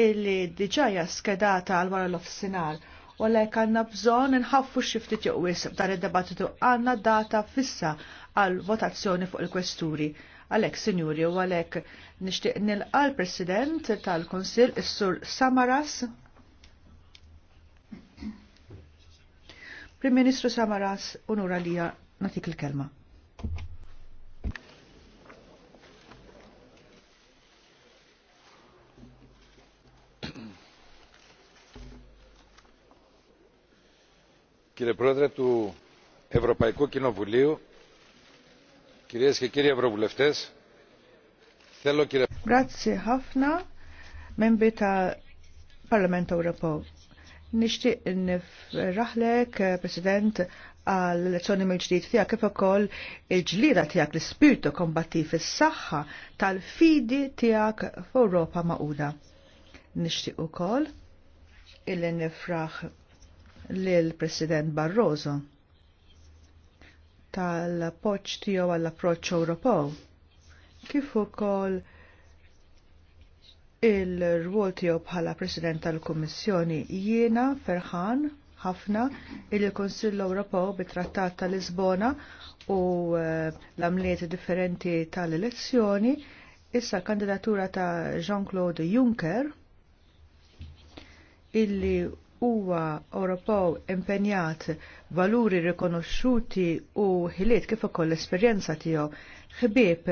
illi diġaja skedata għal wara l offsinal u għalek għanna bżon nħaffu xiftit juqwis dan id-debattitu għanna data fissa għal votazzjoni fuq il-kwesturi. Għalek, sinjuri, u għalek nishtiq nil l-President tal-Konsil, Is-Sur Samaras. Prim-Ministru Samaras, unura lija natik il-kelma. Κύριε Πρόεδρε του Ευρωπαϊκού Κοινοβουλίου, κυρίες και κύριοι Ευρωβουλευτές, θέλω κύριε... Grazie ħafna, membri ta' Parlament Ewropew. Nixtieq nifraħlek, President, għal elezzjoni mill ġdid tiegħek kif ukoll il-ġlida tiegħek l-ispirtu kombattiv is-saħħa tal-fidi tiegħek f'Ewropa Magħquda. Nixtieq ukoll illi nifraħ lill-President Barroso tal-appoġġ tiegħu għall-approċċ Ewropew kif ukoll il-rwol tiegħu bħala President tal-Kummissjoni jiena ferħan ħafna il-Konsill Ewropew bit-Trattat ta' Lisbona u eh, l-amliet differenti tal-elezzjoni issa kandidatura ta' Jean-Claude Juncker illi huwa Ewropew impenjat valuri rikonoxxuti u ħiliet kif ukoll l-esperjenza tiegħu ħbieb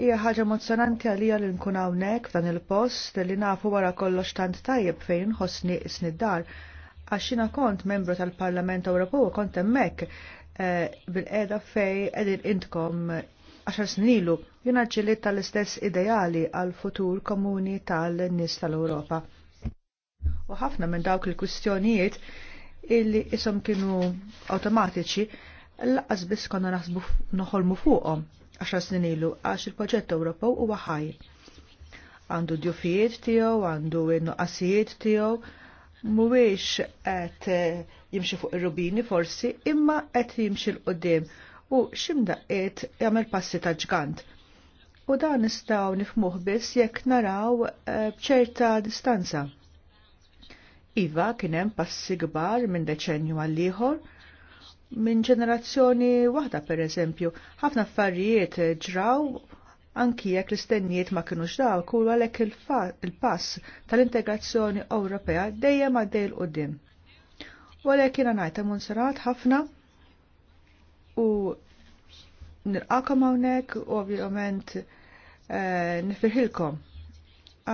hija ħaġa mozzjonanti għalija li nkun hawnhekk f'dan il-post li nafu wara kollox tant tajjeb fejn inħossni isnid-dar għax jiena kont membru tal-Parlament Ewropew kont hemmhekk eh, bil qiegħda fej qegħdin intkom għaxar snilu jiena ġilit tal-istess ideali għal futur komuni tal-nies tal-Ewropa. U ħafna minn dawk il-kwistjonijiet illi isom kienu automatiċi laqas biss konna naħsbu noħolmu fuqhom għaxa snin ilu għax il-proġett Ewropew huwa ħaj. Għandu djufijiet tiegħu, għandu nuqqasijiet tiegħu, mhuwiex qed jimxi fuq ir-rubini forsi, imma qed jimxi l qudiem u x'imdaqiet jagħmel passi ta' ġgant. U dan nistgħu nifmuh biss jekk naraw eh, bċerta distanza. Iva kienem passi gbar minn deċenju għall minn ġenerazzjoni waħda per eżempju, ħafna affarijiet ġraw anki jekk l-istennijiet ma kienux daw kull għalhekk il-pass tal-integrazzjoni Ewropea dejjem għaddej l qudiem U għalhekk jiena ngħid Monserrat ħafna u nilqakom hawnhekk u ovvjament eh, nifirħilkom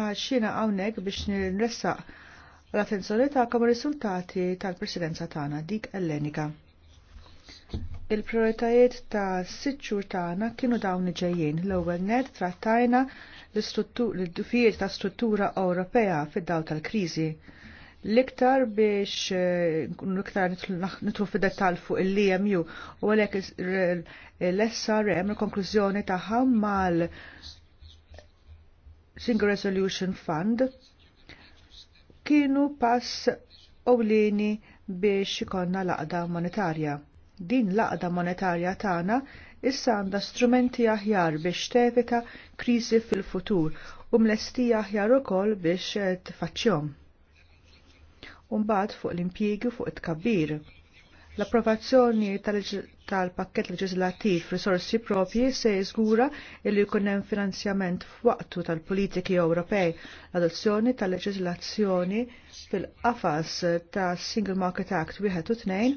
għax jiena hawnhekk biex nirressaq l-attenzjoni ta' ir-riżultati tal-Presidenza tagħna dik ellenika. Il-prioritajiet ta' sitt tagħna kienu dawn iġejjin L-ewwel net trattajna l-dufijiet ta' struttura Ewropea fid-daw tal-kriżi. L-iktar biex l-iktar eh, nitru fid-dettal fuq il-LMU u għalhekk l-SRM l-konklużjoni tagħha mal Single Resolution Fund kienu pass ewlieni biex ikonna laqda monetarja. Din laqda monetarja tagħna issa għandha strumenti aħjar biex tevita kriżi fil-futur u mlestija aħjar ukoll biex tfaċċjom. Umbagħad fuq l-impjiegi fuq it-kabbir L-approvazzjoni tal-pakket leġislattiv risorsi propji se jizgura illi jkun hemm finanzjament f'waqtu tal-politiki Ewropej, l-adozzjoni tal-leġislazzjoni fil-qafas ta' Single Market Act wieħed u tnejn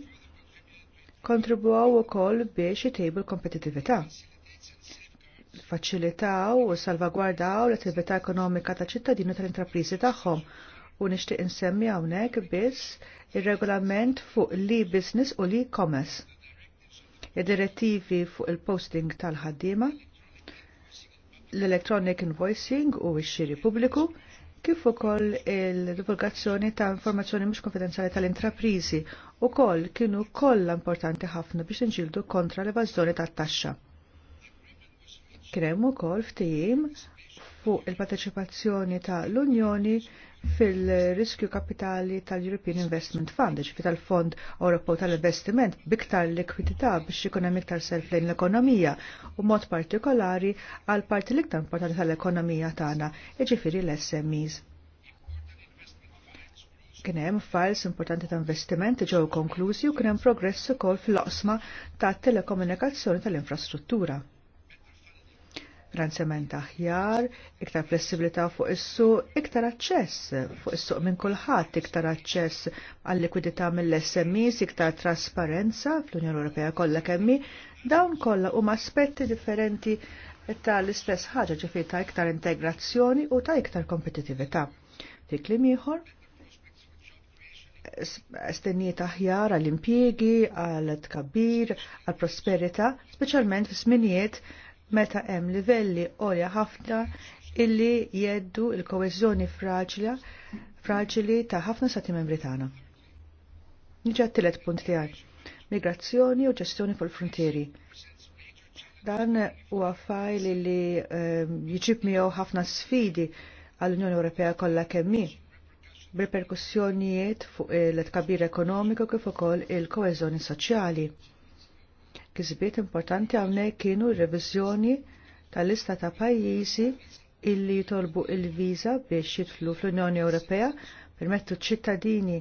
kontribwaw ukoll biex jitejbu l-kompetitività. Faċilitaw u salvagwardaw l-attività ekonomika ta' ċittadini tal-intrapriżi tagħhom u nixtieq insemmi hawnhekk biss ir-regolament fuq li business u li commerce. Id-direttivi fuq il-posting tal-ħaddiema, l-electronic invoicing u x-xiri pubbliku, kif ukoll il-divulgazzjoni ta' informazzjoni mhux konfidenzjali tal-intraprizi u koll kienu kollha importanti ħafna biex inġildu kontra l-evażjoni tat-taxxa. Kremu hemm ukoll ftehim fuq il-parteċipazzjoni ta' l-Unjoni fil-riskju kapitali tal-European Investment Fund, ġifi tal-Fond Ewropew tal-Investiment, biktar likwidità biex ikun hemm iktar self lejn l-ekonomija u mod partikolari għal parti l-iktar importanti tal-ekonomija tagħna, jiġifieri l-SMEs. Kien hemm files importanti ta' investimenti ġew konklużi u kien hemm progress ukoll fil-oqsma ta' telekomunikazzjoni tal-infrastruttura ranzament aħjar, iktar flessibilità fuq is-suq, iktar aċċess fuq is-suq minn kulħadd, iktar aċċess għal likwidità mill-SMEs, iktar trasparenza fl-Unjoni Ewropea kollha kemmi, dawn kollha huma aspetti differenti ta' l-istess ħaġa ġifi ta' iktar integrazzjoni u ta' iktar kompetitività. Fi mieħor: ieħor, stenniet aħjar għall impjiegi għall tkabbir, għall prosperita, speċjalment fis-sminijiet meta hemm livelli għolja ħafna illi jeddu il-koeżjoni fraġila fraġili ta' ħafna stati membri tagħna. Niġa t tillet punt tiegħek. Migrazzjoni u ġestjoni fil-frontieri. Dan huwa għaffaj li ehm, jiġib miegħu ħafna sfidi għall-Unjoni Ewropea kollha kemm b'reperkussjonijiet fuq il-tkabbir ekonomiku kif ukoll il-koeżjoni soċjali kisbiet importanti hawnhekk kienu r-reviżjoni tal-lista ta' pajjiżi illi jitolbu il-viża biex jidħlu fl-Unjoni Ewropea permettu ċittadini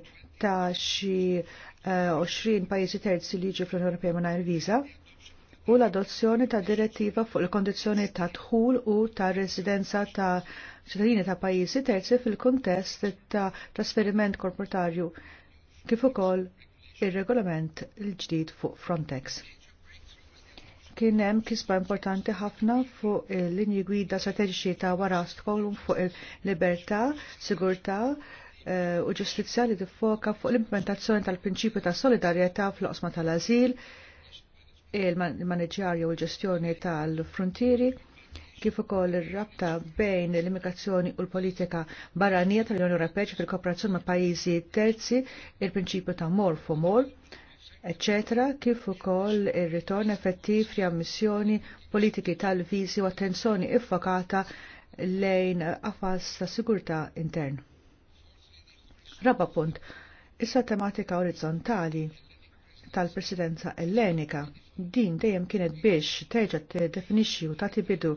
ta' xi 20 eh, pajjiżi terzi li jiġu fl-Unjoni Ewropea mingħajr viża u l-adozzjoni ta' direttiva fuq il-kondizjoni ta' dħul u ta' residenza ta' ċittadini ta' pajjiżi terzi fil-kontest ta' trasferiment korporatarju kif ukoll ir-regolament il ġdid fuq Frontex kien hemm kisba importanti ħafna fuq il-linji gwida strateġiċi ta' wara stkolum fuq il-libertà, sigurtà eh, u ġustizzja li tiffoka fuq l-implementazzjoni tal-prinċipju ta' solidarjetà fl-oqsma tal-azil, il-maneġjarju u l-ġestjoni tal-frontieri, kif ukoll ir-rabta bejn l-immigrazzjoni u l-politika barranija tal-Unjoni Ewropea fil-kooperazzjoni ma' pajjiżi terzi, il-prinċipju ta' mor fu mor, eccetera, kif ukoll ir-ritorn effettiv ammissjoni politiki tal-viżi u attenzjoni iffokata lejn Affas ta' sigurtà intern. Raba punt, issa tematika orizzontali tal-presidenza ellenika. Din dejjem kienet biex terġa' tiddefinixxi u tagħti bidu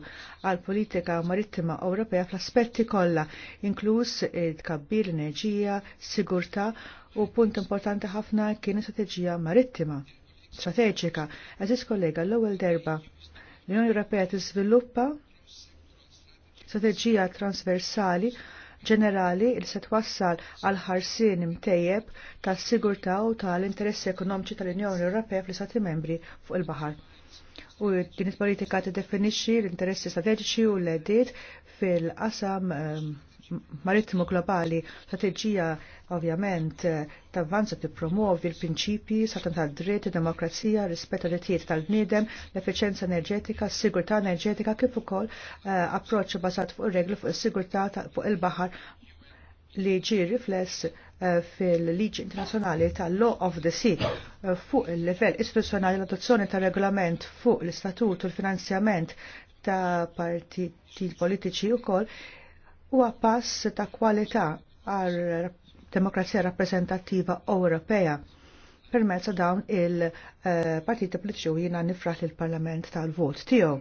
għal politika marittima Ewropea fl-aspetti kollha, inkluż tkabbir l-enerġija, sigurtà u punt importanti ħafna kien strateġija marittima. Strateġika, eżis kollega l-ewwel derba l-Unjoni Ewropea tiżviluppa strateġija transversali ġenerali li se twassal għal ħarsien imtejjeb tas-sigurtà u tal-interessi ekonomiċi tal-Unjoni Ewropea fl-Istati Membri fuq il-baħar. U din il-politika tiddefinixxi l-interessi strateġiċi u l għeddiet fil-qasam ehm, marittimu globali, strategija ovvjament tavvanza tippromovi l-prinċipji sa' tad-dritt, demokrazija, rispetta drittijiet tal-bniedem, l-efficienza enerġetika, s-sigurtà enerġetika kif ukoll uh, approċċ bażat fuq ir-regli fuq is-sigurtà fuq il-baħar li ġi rifless eh, fil-liġi internazjonali tal-Law of the Sea eh, fuq il-level istituzjonali l-adozzjoni tal-regolament fuq l-istatut u l-finanzjament ta' partiti politiċi u uh, huwa pass ta' kwalità għal demokrazija rappresentattiva Ewropea permezz dawn il-partiti eh, politiċi jina nifraħ lill parlament tal-vot tiegħu.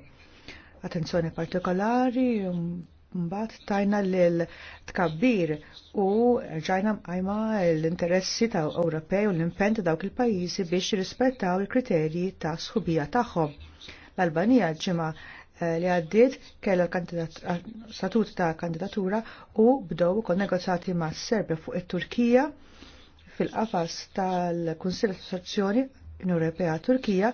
Attenzjoni partikolari mbagħad tajna lil tkabbir u ġajna mqajma l-interessi ta' Ewropej u l-impent dawk il-pajjiżi biex jirrispettaw il-kriterji ta' sħubija tagħhom. L-Albanija ġimgħa Eh, li għaddiet kellha eh, statut ta' kandidatura u bdow ukoll negozjati ma' Serbja fuq it-Turkija fil-qafas tal-Kunsill Assoċjazzjoni Ewropea Turkija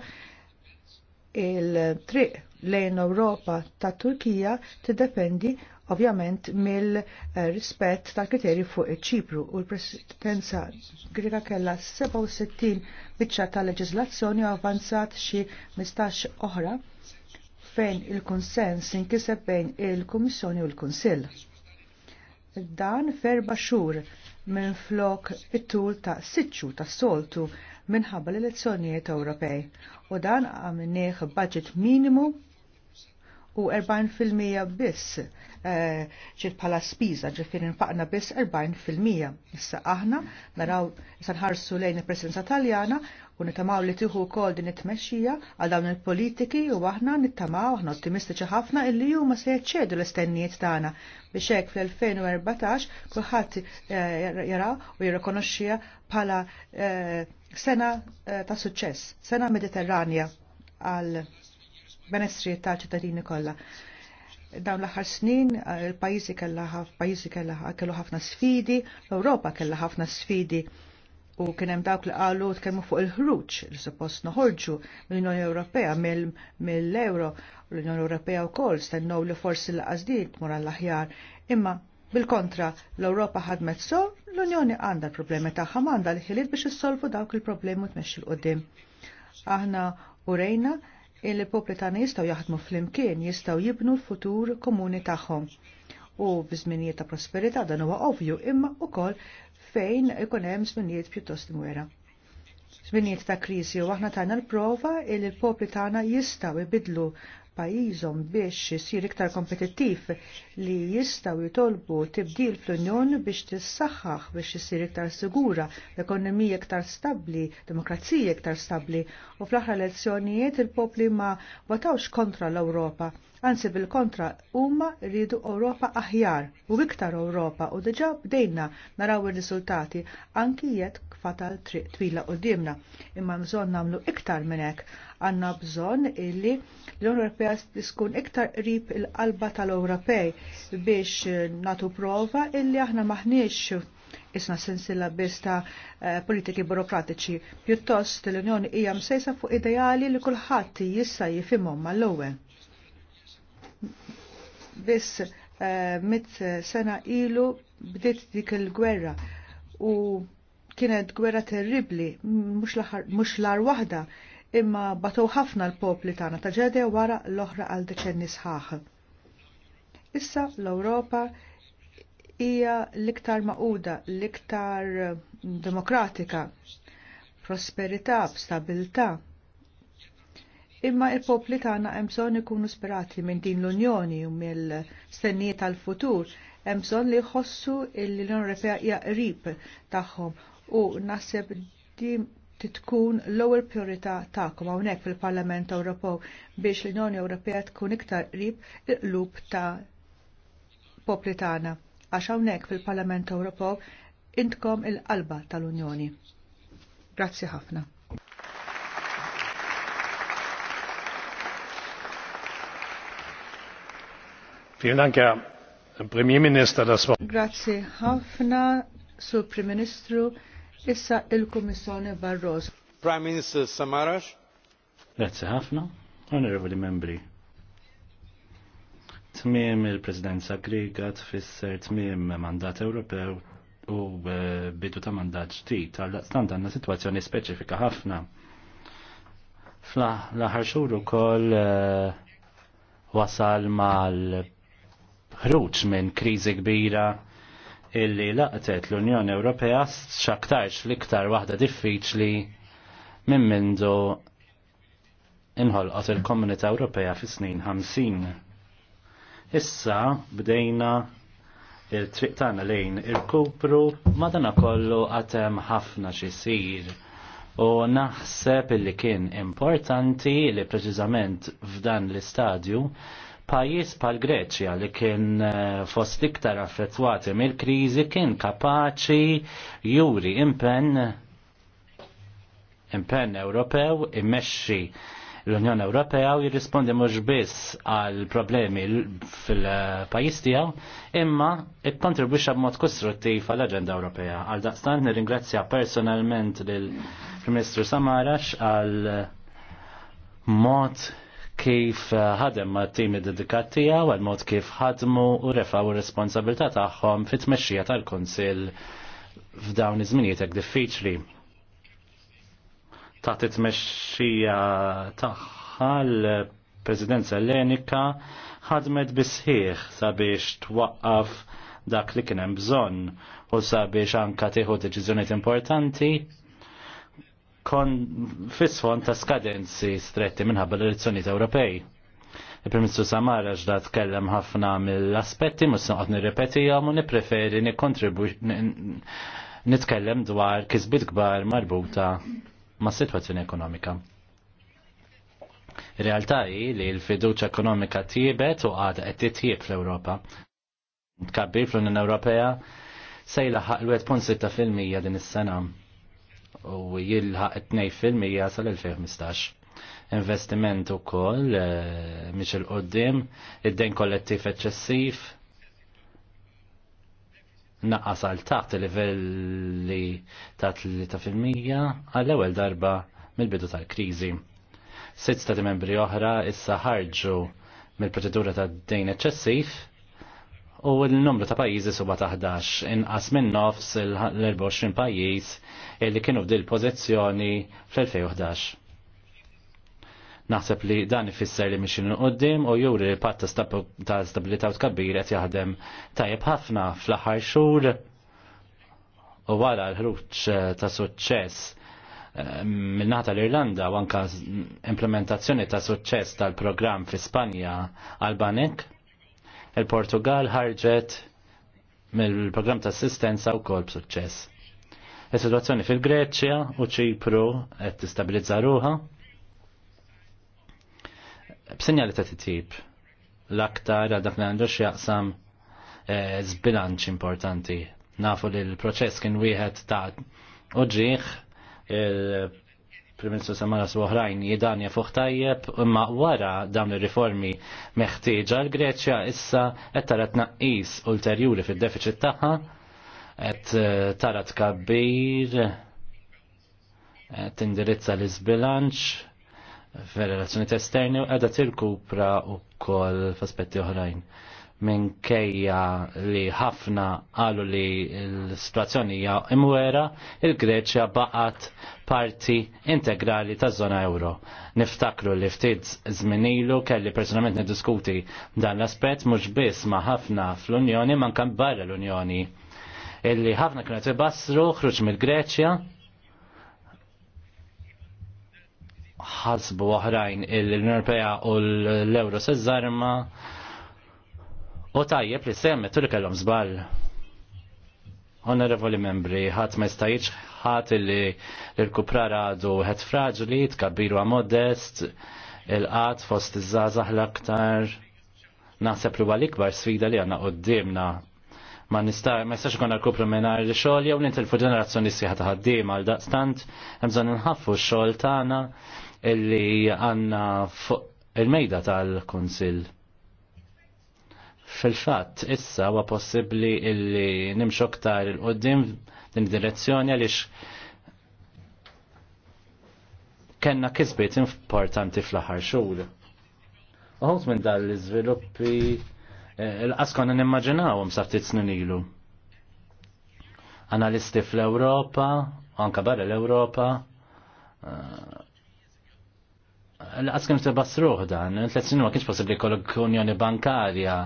il-triq lejn Ewropa ta' Turkija tiddependi ovvjament mill-rispett tal-kriterji fuq iċ-Ċipru u l-Presidenza Grika kellha 67 biċċa tal leġizlazzjoni u avanzat xi 15 oħra fejn il-konsens inkiseb bejn il-Kummissjoni u l-Kunsill. Dan ferba xhur minn flok it-tul ta' sitxu ta' soltu minħabba l-elezzjonijiet Ewropej u dan għamniħ budget minimu u 40% biss ċit eh, bħala spiża ġifirin faqna biss 40%. Issa aħna naraw sanħarsu lejn il-Presidenza Taljana u nittamaw li tiħu kol din it-tmexxija għal dawn il-politiki u aħna nittamaw aħna ottimistiċi ħafna illi huma se jaċċedu l-istennijiet tagħna biex hekk fl-2014 kulħadd eh, jaraw u jirrikonoxxija bħala eh, sena eh, ta' suċċess, sena mediterranja għal benessri ta' ċittadini kollha dawn l-aħħar snin il-pajjiżi kellha pajjiżi kellha kellu ħafna sfidi, l-Ewropa kellha ħafna sfidi u kien hemm dawk li qalu tkellmu fuq il-ħruġ li suppost noħorġu mill-Unjoni Ewropea mill-euro l-Unjoni Ewropea wkoll stennu li forsi l din tmur l aħjar Imma bil-kontra l-Ewropa ħadmet so l-Unjoni għandha l-problemi taħħa m'għandha l-ħiliet biex s-solvu dawk il-problemi u tmexxi l qudiem Aħna urejna il-popli tagħna jistgħu jaħdmu flimkien, jistgħu jibnu l-futur komuni tagħhom u bizminijiet ta' prosperità dan huwa ovvju imma wkoll fejn ikun hemm żminijiet pjuttost mwera. Żminijiet ta' kriżi u aħna tagħna l-prova il l popli tagħna jistgħu ibidlu pajjiżhom biex jisir iktar kompetittiv li jistgħu jitolbu tibdil fl-Unjon biex tissaxħax biex isir iktar sigura, l ekonomija iktar stabbli, demokrazija iktar stabbli u fl-aħħar elezzjonijiet il-popli ma votawx kontra l-Ewropa anzi bil-kontra huma rridu Ewropa aħjar u iktar Ewropa u diġà bdejna naraw ir-riżultati anki jekk fatal twila twila dimna. Imma bżonn nagħmlu iktar minn hekk. Għandna bżonn illi l-Unjoni Ewropea tkun iktar qrib il-qalba tal-Ewropej biex natu prova illi aħna maħniex isna sensilla biss ta' eh, politiki burokratiċi. Pjuttost l-Unjoni hija msejsa fuq ideali li kulħadd jista' jifhimhom mal-ewwel biss uh, mit sena ilu bdiet dik il-gwerra u kienet gwerra terribli, mhux l-ar waħda, imma batow ħafna l-popli tagħna ta' ġedja wara l-oħra għal deċenni sħaħ. Issa l-Ewropa hija l-iktar maquda, l-iktar demokratika, prosperità, stabilità, imma il-popli tagħna hemm bżonn ikunu sperati minn din l-Unjoni u mill-stennijiet tal-futur, hemm bżonn li jħossu l-Unjoni Ewropea hija qrib tagħhom u naħseb din titkun l-ewwel priorità tagħkom hawnhekk fil-Parlament Ewropew biex l-Unjoni Ewropea tkun iktar qrib il-qlub ta' popli tagħna għax hawnhekk fil-Parlament Ewropew intkom il-qalba tal-Unjoni. Grazzi ħafna. Grazie ħafna, Sur Prim Ministru, issa il-Kommissjoni Barroso. Prime Minister Samaras. Grazie ħafna, onorevoli membri. Tmiem il-Presidenza Griga tfisser tmiem mandat Ewropew u eh, bidu ta' mandat ġdid għallaqstant stand għandna sitwazzjoni speċifika ħafna. Fl-aħħar xhur ukoll eh, wasal mal ħruġ minn kriżi kbira illi laqtet l-Unjoni Ewropea xaktarx l-iktar waħda diffiċli minn mindu inħolqot il-Komunità Ewropea fis snin 50. Issa bdejna il-triq tagħna lejn il-kupru madana kollu għatem ħafna xisir u naħseb illi kien importanti li preċiżament f'dan l-istadju Pajis pal Greċja li kien eh, fost iktar affettwati mill-kriżi kien kapaċi juri impenn impen Ewropew immexxi l-Unjoni Ewropea u jirrispondi mhux biss għal problemi fil-pajjiż tiegħu, imma ikkontribwixxa b'mod kostruttiv għall aġenda Ewropea. Għal daqstant nirringrazzja personalment lill-Prim Ministru Samarax għal mod kif eh, ħadem ma' timi dedikat tiegħu għal mod kif ħadmu u refaw ir-responsabilità tagħhom fit-tmexxija tal-Kunsill f'dawn iż-żminijiet hekk diffiċli. Taħt it-tmexxija tagħha l-Presidenza Ellenika ħadmet bisħieħ sabiex twaqqaf dak li kien hemm bżonn u sabiex anka tieħu deċiżjonijiet importanti kon fisfon ta' skadenzi stretti minħabba l elezzjonijiet Ewropej. Il-Primistru Samara ġda tkellem ħafna mill-aspetti, mus noqgħod nirrepetihom u nippreferi nitkellem dwar kisbit kbar marbuta ma' situazzjoni ekonomika. Realtà hi li l-fiduċa ekonomika tiebet u għadha qed titjieb fl-Ewropa. Tkabbir fl-Unjoni Ewropea sejla jilaħaq l-1.6 fil-mija din is-sena u jilħaq 2% sal-2015. Investiment u koll, eh, miex il-qoddim, id-den kollettiv eċċessiv, naqqas għal taħt livelli ta' 3% għall ewwel darba mill-bidu tal-krizi. Sitt stati membri oħra issa ħarġu mill-proċedura ta' dejn eċċessiv u l-numru ta' pajjiżi suba ta' 11 inqas minn nofs l-24 pajjiż illi kienu f'dil pożizzjoni fl-2011. Naħseb li dan ifisser li mixin qoddim u juri li patt ta' stabilita' u tkabbir qed jaħdem tajjeb ħafna fl-aħħar xhur u wara l-ħruġ ta' suċċess eh, minn nata l-Irlanda u anka implementazzjoni ta' suċċess tal-programm fi Spanja għal-Banek Il-Portugal ħarġet mill-programm ta' assistenza u kol b'suċċess. Is-sitwazzjoni fil-Greċja u ċipru qed tistabilizza ruha. B'sinjali ta' titjib l-aktar għal dak li għandu x'jaqsam eh, zbilanċ importanti. Nafu li l-proċess kien wieħed ta' uġieħ Prim-Ministru Samaras u oħrajn jidanja fuq tajjeb imma wara dawn ir-riformi meħtieġa l-Greċja issa qed tara tnaqqis ulterjuri fid-deficit tagħha, qed eh, tara tkabbir, qed tindirizza l-iżbilanċ fir-relazzjonijiet esterni u qiegħda tirkupra wkoll f'aspetti oħrajn minkejja li ħafna għalu li l-situazzjoni hija imwera, il-Greċja baqgħet parti integrali ta' zona euro. Niftakru li ftit zminilu kelli personalment niddiskuti dan l-aspett mhux biss ma' ħafna fl-Unjoni ma' kan barra l-Unjoni. Illi ħafna kienu tibassru ħruġ mill-Greċja ħasbu oħrajn il-Unjoni Ewropea u l-Euro se żarma U tajjeb li semmet u li kellhom żball. Onorevoli membri, ħadd ma jistajċ ħadd li l kuprara għadu ħed fraġli, tkabbiru modest, il-qat fost iż-żazax l-aktar. Naħseb li huwa l-ikbar sfida li għandna qudiemna ma nista' ma jistax ikun għal mingħajr xogħol jew nintilfu ġenerazzjoni sieħa ta' ħaddiem għal daqstant hemm bżonn inħaffu x-xogħol tagħna illi għandna fuq il-mejda tal-Kunsill. Fil-fatt, issa huwa possibbli illi nimxu aktar il-qoddim din direzzjoni għaliex kenna kisbiet importanti fl-aħħar xhur. Uħut minn dal l-iżviluppi eh, l-qaskon nimmaġinawhom sa ftit snin ilu. Analisti fl-Ewropa, anka barra l-Ewropa, eh, Laqas kem tibassruħ dan, tlet snin ma kienx possibli kollok unjoni bankarja,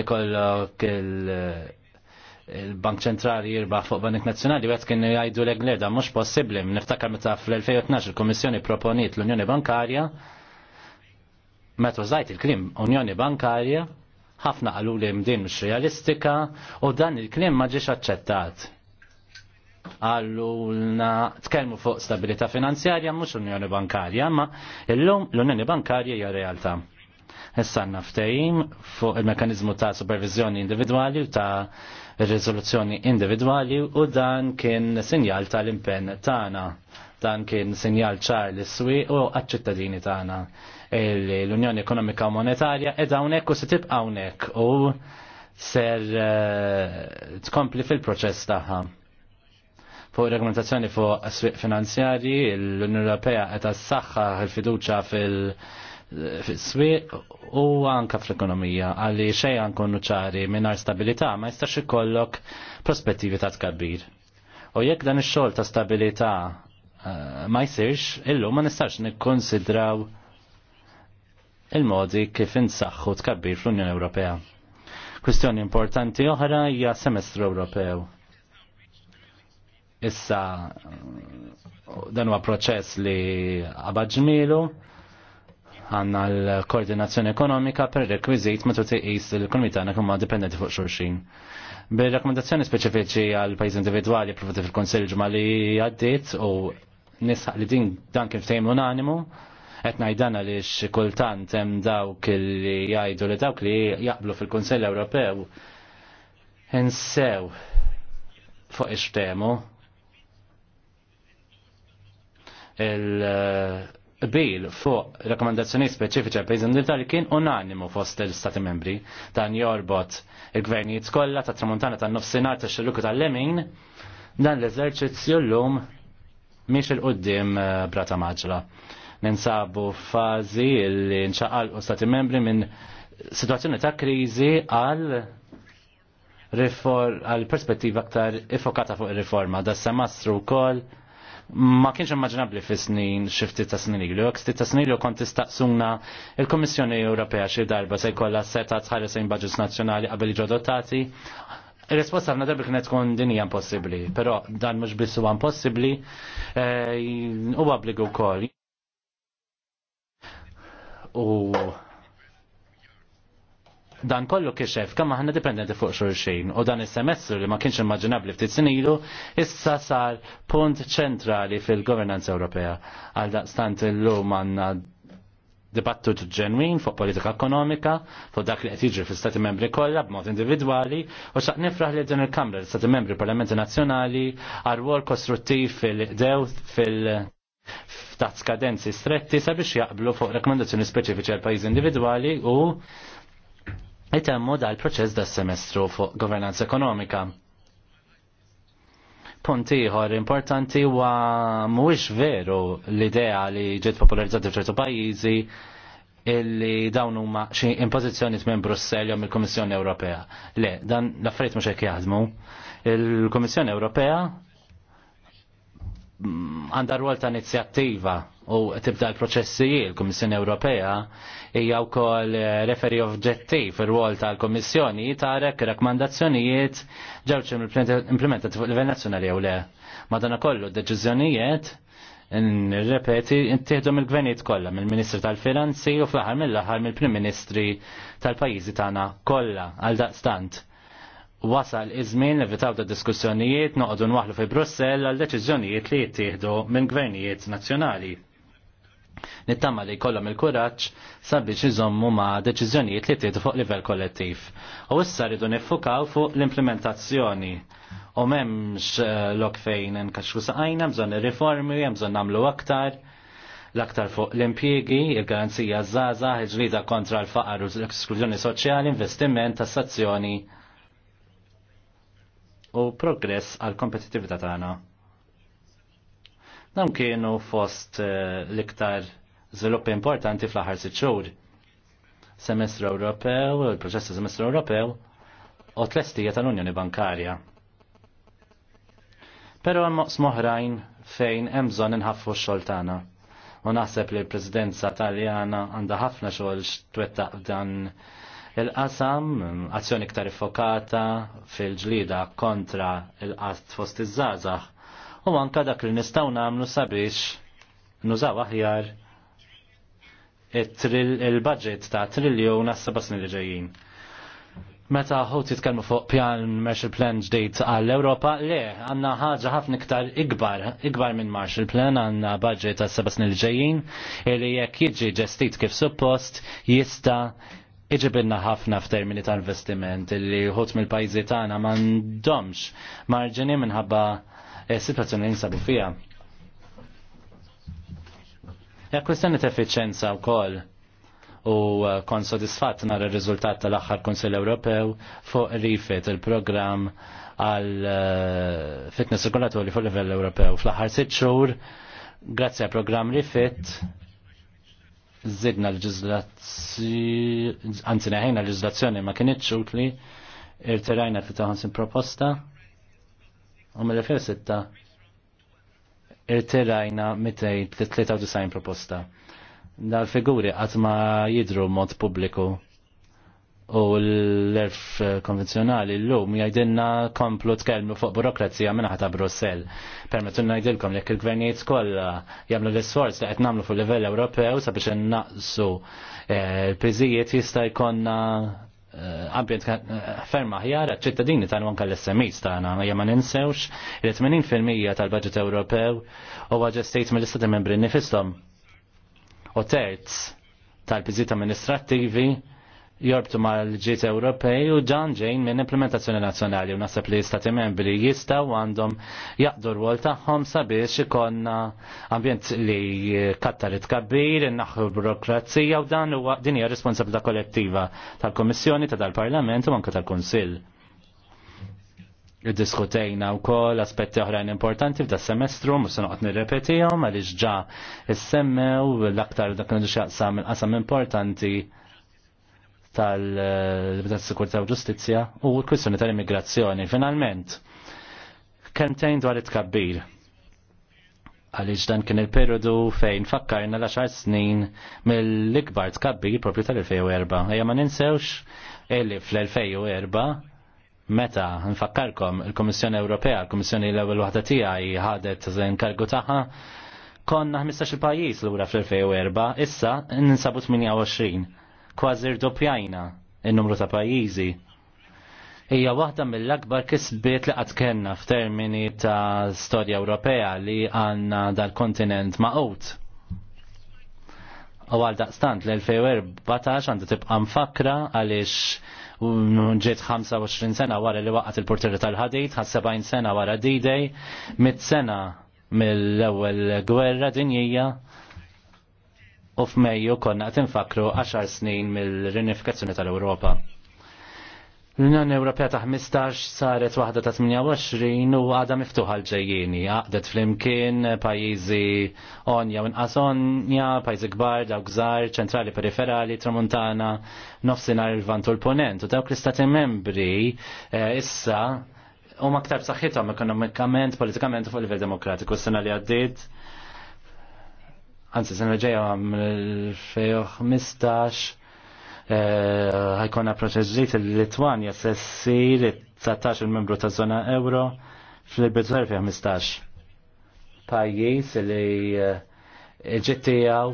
ikollok il-Bank ċentrali jirbaħ fuq Banik Nazzjonali, għet kien jgħidu l-egleda, mux possibli, niftakar meta fl-2012 il-Komissjoni proponiet l-Unjoni Bankarja, meta użajt il-klim Unjoni Bankarja, ħafna għalu li mdin mux realistika u dan il-klim ma ġiex aċċettat. Allura tkellmu fuq stabilità finanzjarja mhux Unjoni Bankarja, ma illum l-Unjoni Bankarja hija realtà. Issa naftejim fuq il-mekanizmu ta' supervizjoni individwali u ta' riżoluzzjoni individwali u dan kien sinjal tal-impenn tagħna. Dan kien sinjal ċar l swi u għaċ-ċittadini tagħna l-Unjoni Ekonomika Monetarja ed hawnhekk u se tibqa' hawnhekk u ser eh, tkompli fil-proċess tagħha fuq regolamentazzjoni fuq aswiq finanzjari, l-Unjoni Ewropea qed s-saxħa il-fiduċa fil-swiq u anka fl-ekonomija, għalli xejn nkunu ċari mingħajr stabilità ma jistax ikollok prospettivi ta' tkabbir. U jekk dan ix-xogħol ta' stabilità eh, ma jsirx, illum ma nistax nikkonsidraw il-modi kif insaħħu tkabbir fl-Unjoni Ewropea. Kwistjoni importanti oħra hija semestru Ewropew Issa dan huwa proċess li abaġmilu għanna l-koordinazzjoni ekonomika per rekwizit ma tuti is il-komitana kumma dipendenti fuq xurxin. bir rakkomendazzjoni speċifiċi għal pajjiż individwali provati fil-Konsil ġma li għaddit u nisħaq li din dan kif tejm unanimu, qed ngħidana li kultant hemm dawk li jgħidu li dawk li jaqblu fil kunsill Ewropew insew fuq ix-temu il-bil fuq rekomendazzjoni speċifiċi għal pajjiżi militari kien unanimu fost l-Stati membri dan jorbot il-gvernijiet kollha ta' tramuntana tan nofsinhar ta' xelluku tal-lemin dan l-eżerċizzju llum miex il-qudiem eh, brata maġla. Ninsabu fażi li nċaqalqu Stati membri minn situazzjoni ta' kriżi għal għal perspettiva aktar ifokata fuq ir-riforma da semastru wkoll ma kienx immaġinabbli fi snin xifti ta' snin ilu, Ftit ta' snin ilu kont istaqsuna il kummissjoni Ewropea xi darba se jkollha seta sejn budgets nazzjonali qabel jiġu adottati. Il-risposta għanna darbi kienet tkun din hija impossibbli, però dan mhux biss huwa impossibbli eh, huwa obbligu wkoll. U Dan kollu kixef kemm aħna dipendenti fuq xulxin u dan is-semestru li ma kienx immaġinabbli ftit sinilu issa sar punt ċentrali fil-governanza Ewropea. Għal daqstant illum għandna dibattut ġenwin fuq politika ekonomika, fuq dak li qed jiġri fl-Stati membri kollha b'mod individwali, u xaq nifraħ li din il-Kamra l-Stati membri Parlamenti Nazzjonali għal rwol kostruttiv fil-dew fil taħt skadenzi stretti sabiex jaqblu fuq rekomendazzjoni speċifiċi għal pajjiż individwali u jitemmu dal proċess da semestru fuq governanza ekonomika. Punt ieħor importanti huwa mhuwiex veru l-idea li ġiet popolarizzata f'ċertu pajjiżi illi dawn huma xi impożizzjonijiet minn Brussell jew mill-Kummissjoni Ewropea. Le, dan l-affarijiet mhux hekk jaħdmu. Il-Kummissjoni Ewropea għandha rwol ta' inizjattiva u tibda l-proċessi l kummissjoni Ewropea hija wkoll eh, referi oġġettiv ir-rwol tal-Kommissjoni tarek rakkomandazzjonijiet ġewġ implementati fuq livell nazzjonali jew le. Madanakollu deċiżjonijiet nirrepeti ttieħdu mill-gvernijiet kollha mill-Ministri tal-Finanzi u fl-aħħar mill-aħħar mill-Prim Ministri tal-pajjiżi tagħna kollha għal daqstant. Wasal iż-żmien li vitaw da diskussjonijiet noqogħdu nwaħlu fi Brussell għal deċiżjonijiet li jittieħdu minn gvernijiet nazzjonali. Nittama li jkollhom il-kuraġġ sabiex iżommu ma' deċiżjonijiet li tieħdu fuq livell kollettiv. U issa rridu niffukaw fuq l-implementazzjoni. U m'hemmx eh, lok fejn nkaxxu saqajna, bżonn il-reformi, hemm namlu nagħmlu aktar l-aktar fuq l-impjiegi, il-garanzija z-zaza, il-ġlida kontra l-faqar u l-eksklużjoni soċjali, investiment, tassazzjoni u progress għal kompetitività tagħna. Nam kienu fost eh, l-iktar żvilupp importanti fl-aħħar sitt xhur. Semestru Ewropew, il-proċess ta' semestru Ewropew u tlestija tal-Unjoni Bankarja. Però hemm smoħrajn fejn hemm bżonn inħaffu x-xogħol tagħna. U naħseb li l-Presidenza Taljana għandha ħafna xogħol x'twettaq dan il-qasam, azzjoni iktar iffokata fil-ġlida kontra il-qast fost iż-żgħażagħ u anka dak li nistgħu nagħmlu sabiex nużaw aħjar il-budget ta' triljon għas seba' snin li ġejjin. Meta ħut jitkellmu fuq pjan Marshall Plan ġdejt għall europa le, għanna ħaġa ħafna iktar ikbar, ikbar minn Marshall Plan, għanna budget għas seba' snin li ġejjin, illi jekk jiġi ġestit kif suppost, jista' iġibilna ħafna f'termini ta' investiment illi ħut mill-pajzi tagħna m'għandhomx marġini minħabba Eh, situazzjoni li nsabu fija. Ja kwestjoni ta' efficienza u koll eh, u kon sodisfatt nar il-rizultat tal-axħar Konsil Ewropew fuq rifet il-program għal eh, fitness regolatori fuq livell Ewropew. fl aħħar sitt xhur, grazzi għal program rifet, zidna l-ġizlazzjoni, anzi neħajna l-ġizlazzjoni ma kienieċ utli, irterajna 53 proposta, U mill-2006 irtirajna 293 proposta. Dal-figuri qatt ma jidhru mod pubbliku u l-erf konvenzjonali l-lum jgħidilna komplu tkellmu fuq burokrazija minnaħat ta' Brussell. Permettu ngħidilkom jekk il-gvernijiet kollha jagħmlu l sforz li qed nagħmlu fuq level Ewropew sabiex innaqsu eh, l-piżijiet jista' jkollna Eh, ambjent eh, ferma ħjar ċittadini tal anka l-SMEs tagħna ma ma ninsewx li 80% tal-budget Ewropew huwa ġestejt mill-istati membri nifistom U terz tal-biżit amministrattivi jorbtu ma l-ġiet Ewropej u ġan ġejn minn implementazzjoni nazzjonali u nasab li stati membri jistaw għandhom jaqdu r-wol tagħhom sabiex ikonna ambjent li kattar kabir, naħħu burokrazija u dan huwa din hija responsabilità kollettiva tal komissjoni ta' tal-Parlament u anke tal-Kunsill. Diskutejna u koll aspetti oħrajn importanti f'da semestru, mus noqgħod nirrepetihom għaliex ġa semmew l-aktar dak li xaqsam il-qasam importanti tal-Bitat Sikurta u Ġustizzja u l-kwissjoni tal-immigrazzjoni. Finalment, kentejn dwar it-kabbir. Għaliex dan kien il-periodu fejn fakkarna l-10 snin mill-ikbar tkabbir propju tal-2004. Ejja ma ninsewx illi fl-2004 meta nfakkarkom il-Komissjoni Ewropea, il-Komissjoni l-ewwel waħda tiegħi ħadet l tagħha, konna 15 il-pajjiż lura fl-2004, issa ninsabu 28 kważi rdoppjajna il-numru ta' pajjiżi. Hija waħda mill-akbar kisbiet li qatt kellna f'termini ta' storja Ewropea li għandna dal-kontinent maqut. U għal daqstant l-2014 għandu tibqa' mfakra għaliex ġiet 25 sena wara li waqgħet il-porteri tal-ħadid, ħa' 70 sena wara D-Day, mit sena mill-ewwel gwerra dinjija u f'Mejju konna qed infakru 10 snin mill-rinifikazzjoni tal-Ewropa. L-Unjoni Ewropea ta' 15 saret waħda ta' 28 u għada miftuħa l-ġejjini, għaqdet flimkien pajizi onja u nqas onja, pajizi gbar, daw gżar, ċentrali periferali, tramuntana, nofsinar il-vant u l-ponent. U dawk l-istati membri eh, issa u aktar b'saħħithom saħħithom ekonomikament, politikament u fuq livell demokratiku. S-sena li għaddit, Anzi, sena ġeja mill-2015 eh, ħajkonna proċeġġiet il-Litwanja sessir il-19 il-membru ta' zona euro fl mistax. Pajjiż li eh, għaw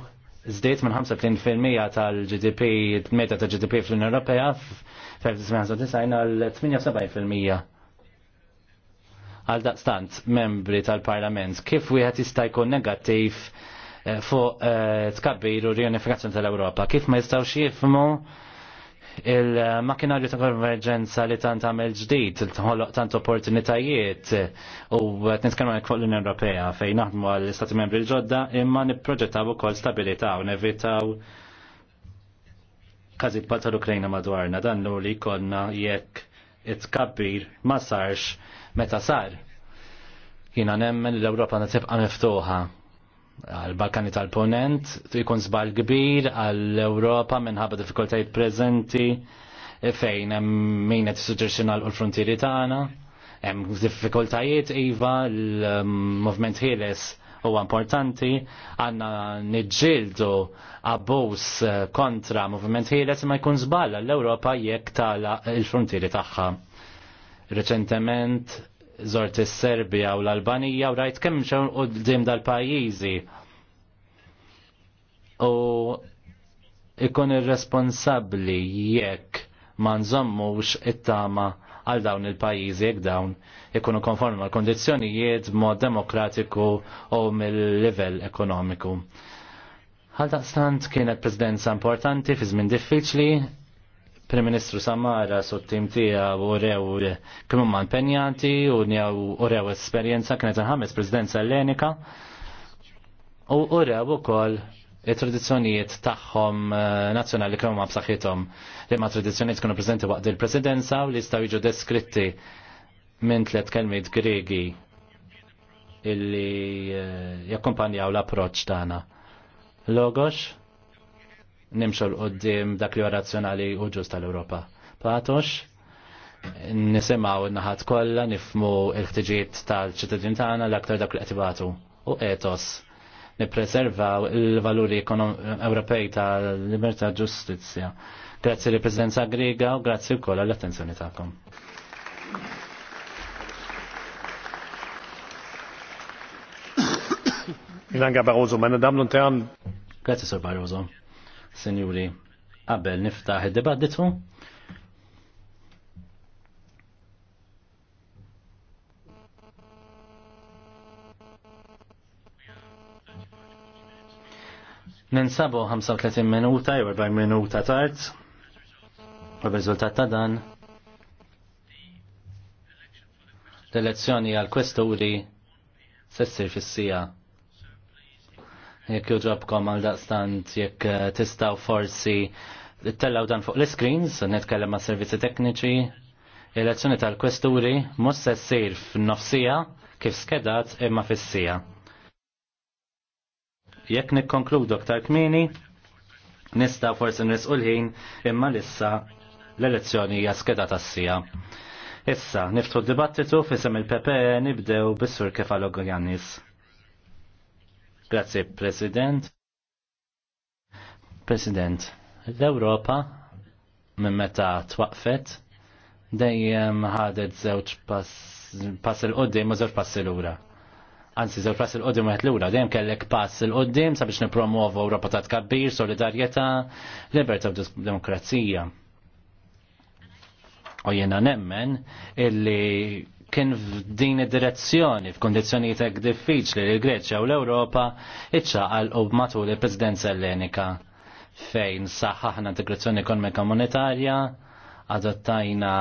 zdejt minn 35% tal-GDP, meta ta' GDP fl-Unjoni Ewropea f 1999 għal 78%. Għal daqstant membri tal-Parlament, kif wieħed jista' jkun negativ fuq eh, tkabbir u riunifikazzjoni tal-Ewropa. Kif ma jistawx jifmu il-makinarju ta' konverġenza li tant għamil ġdid, il-tħolloq tant opportunitajiet u t-nitkanu għek fuq l-Unjoni Ewropea fejn naħdmu għall-Istati Membri l-ġodda imma nipproġettaw ukoll stabilità u nevitaw kazit bata l-Ukrajna madwarna dan l li konna jekk it-kabbir ma sarx meta sar. Jina nemmen l-Europa na tibqa miftuħa għal-Balkani tal-Ponent, jkun żball kbir għall-Ewropa minħabba diffikultajiet preżenti eh, fejn hemm min qed u l frontieri tagħna. Hemm diffikultajiet iva l-movement ħieles huwa importanti għandna niġġieldu abbuż eh, kontra movement ħieles ma jkun żball l-Ewropa jekk tala il-frontieri tagħha. Reċentement zort is-Serbja u l-Albanija u rajt kemm xew qudiem dal-pajjiżi. U ikun irresponsabbli jekk ma nżommux it-tama għal dawn il-pajjiżi jekk dawn ikunu konformi mal kondizzjonijiet mod demokratiku u mill-livell ekonomiku. Għal daqstant kienet presidenza importanti fi żmien diffiċli Prim Ministru Samara sottim tim tija u rew kienu man penjanti u rew esperienza kienet ħames prezidenza ellenika u rew u kol il-tradizjonijiet tagħhom eh, nazzjonali kienu ma b'saħħithom li ma tradizjoniet kienu prezidenti waqt il-presidenza u li jistgħu jiġu deskritti minn tlet kelmiet Gregi illi eh, jakkumpanjaw l-approċċ tagħna. Logos, nimxu l-qoddim dak li razzjonali u ġus tal-Europa. Patox, nisimaw naħat kolla nifmu il-ħtiġiet tal-ċittadin tagħna l-aktar dak li qed u etos nipreservaw il-valuri Ewropej tal-libertà ġustizzja. Grazzi li Presidenza Griga u grazzi wkoll l attenzjoni tagħkom. Vielen Dank, Barroso. Meine Damen und Herren. Grazie, Sir Barroso. Senjuri, qabel niftaħ id-dibattitu. Ninsabu 35 minuta jew 40 minuta tard. U r-riżultat ta' dan l-elezzjoni għal-kwesturi s sessir fis-sija jekk joġobkom għal daqstant jekk eh, tistaw forsi tellaw dan fuq l-screens, netkellem ma' servizzi tekniċi, elezzjoni tal-kwesturi mhux se ssir f'nofsija kif skedat imma fis-sija. Jekk nikkonkludu aktar kmini, nistaw forsi nrisqu l-ħin imma lissa l-elezzjoni hija skedata s-sija. Issa, niftu d-dibattitu fisem il-PPE nibdew bis-sur Kefalog Jannis. Grazie, President. President, l-Europa minn meta twaqfet dejjem ħadet żewġ pass il-qoddim u żewġ pass il-ura. Anzi, żewġ pass il-qoddim u l-ura, dejjem kellek pass il-qoddim sabiex nipromuovu Ewropa ta' tkabbir, solidarjetà, libertà u demokrazija. U jena nemmen illi kien f'din id-direzzjoni f'kondizzjonijiet diffiċli li l-Greċja u l-Ewropa iċċaqal u matul il-Presidenza Ellenika fejn saħħaħna integrazzjoni ekonomika monetarja, adottajna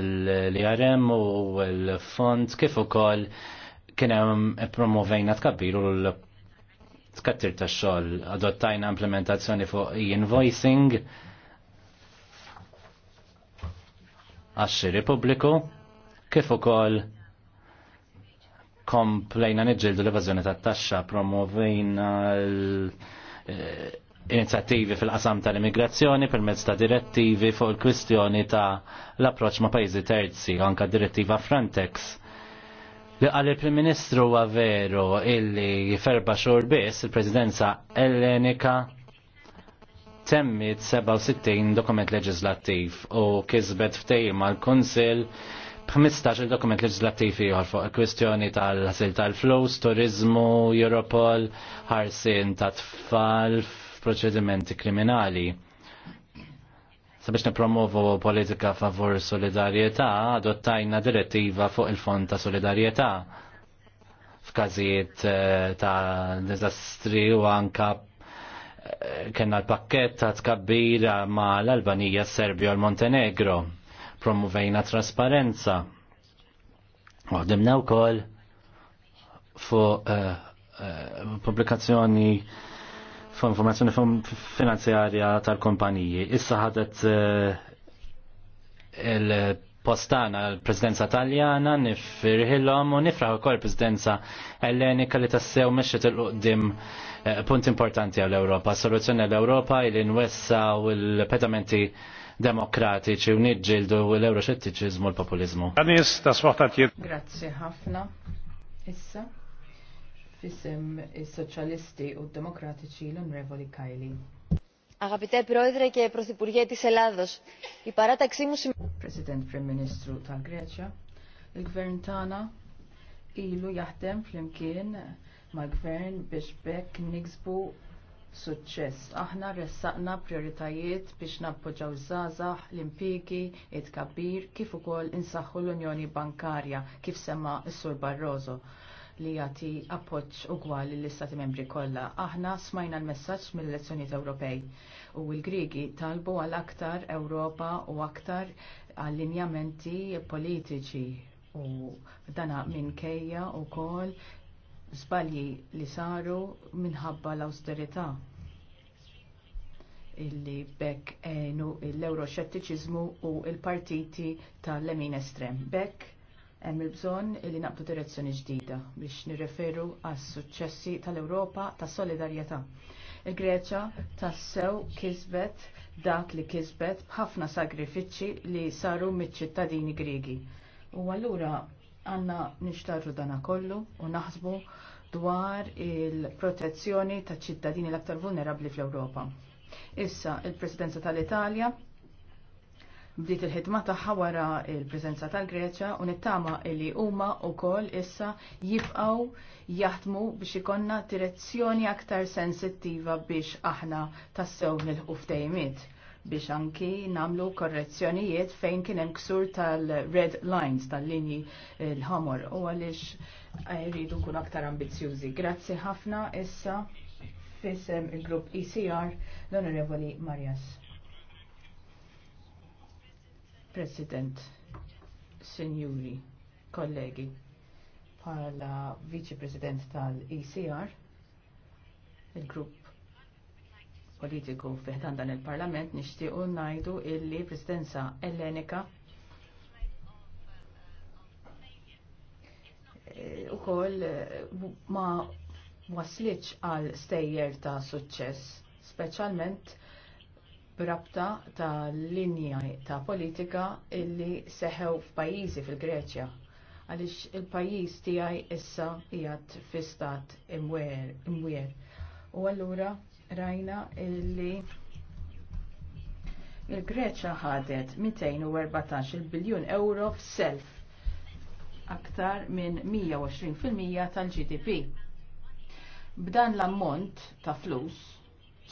l-IRM u l-fond kif ukoll kien hemm promovejna tkabbiru l tkattir ta' xogħol adottajna implementazzjoni fuq e-invoicing għax-xiri pubbliku kif ukoll komplejna niġġeldu l-evażjoni tat-taxxa promovejna l-inizjattivi eh, fil-qasam tal-immigrazzjoni permezz ta' direttivi fuq il-kwistjoni ta' l-approċċ ma' pajjiżi terzi, anka direttiva Frontex. Li għal il-Prim Ministru huwa veru illi ferba xhur biss il-Presidenza Ellenika temmit 67 dokument leġislattiv u kisbet ftejma l-Kunsill 15 il-dokument leġislattiv ieħor fuq kwistjoni tal-ħasil tal-flus, turizmu, Europol, ħarsin ta' tfal f'proċedimenti kriminali. Sabiex nipromovu politika favur solidarjetà, adottajna direttiva fuq il-Fond ta' Solidarjetà f'każijiet eh, ta' dizastri u anka eh, kena l-pakket ta' tkabbira ma' l-Albanija, Serbia u l-Montenegro promuvejna trasparenza. Għodimna u kol fu uh, publikazzjoni fu informazzjoni finanzjarja tal-kompaniji. Issa ħadet eh, il-postana l-presidenza taljana nifirħilhom u nifraħ ukoll presidenza ellenika li tassew meċċet il qoddim eh, punt importanti għall europa Soluzzjoni għall-Ewropa il-inwessa u l-pedamenti demokratiċi u nidġildu l-euroxettiċizmu u l-populizmu. Anis, taswaħtat jiet. Grazie ħafna. Issa, fissim il soċalisti u Demokratiċi l-Onrevoli Kajli. Αγαπητέ Πρόεδρε και Πρωθυπουργέ της Ελλάδος, η παράταξή μου σημαίνει... President Prime Ministru tal Greċja, il-Gvern tagħna ilu jaħdem flimkien mal-Gvern biex suċċess. Aħna ressaqna prioritajiet biex nappoġġaw żgħażagħ, l-impjiegi, it-kabbir, kif ukoll insaħħu l-Unjoni Bankarja kif semma s-Sur Barroso li jagħti appoġġ ugwali l-Istati Membri kollha. Aħna smajna l-messaġġ mill-elezzjonijiet Ewropej u l-Griegi talbu għal aktar Ewropa u aktar allinjamenti politiċi u dana minn kejja u kol żbalji li saru minħabba l-austerità illi bekk għenu l-euroxettiċizmu u il-partiti tal-lemin estrem. Bekk hemm il bżon li naqbdu direzzjoni ġdida biex nirreferu għas suċċessi tal-Ewropa tas solidarjetà. il greċa tassew kisbet dak li kisbet b'ħafna sagrifiċċji li saru miċ-ċittadini Griegi. U allura Għanna nixtarru dana kollu u naħsbu dwar il-protezzjoni ta' ċittadini l-aktar vulnerabli fl-Ewropa. Issa, il-Presidenza tal-Italja bdiet il-ħidma tagħha wara il presidenza tal-Greċja u nittama li huma wkoll issa jibqgħu jaħdmu biex ikonna direzzjoni aktar sensittiva biex aħna tassew nilħu ftejmiet biex anki namlu korrezzjonijiet fejn kien hemm ksur tal-red lines tal-linji eh, l-ħamor u għaliex jridu eh, kun aktar ambizzjużi. Grazzi ħafna issa fisem il-grupp ECR l-Onorevoli Marjas. President, Signori, kollegi, bħala Viċi President tal-ECR, il-grupp politiku fiħdan dan il-Parlament nixtiequ ngħidu illi Presidenza Ellenika eh, ukoll eh, ma waslitx għal stejjer ta' suċċess, speċjalment b'rabta ta' linja ta' politika illi seħew f'pajjiżi fil-Greċja għaliex il-pajjiż tiegħi issa jgħat fi stat imwer. U għallura rajna illi il-Greċa ħadet 214 biljun euro f'self aktar minn 120% tal-GDP. B'dan l-ammont ta' flus,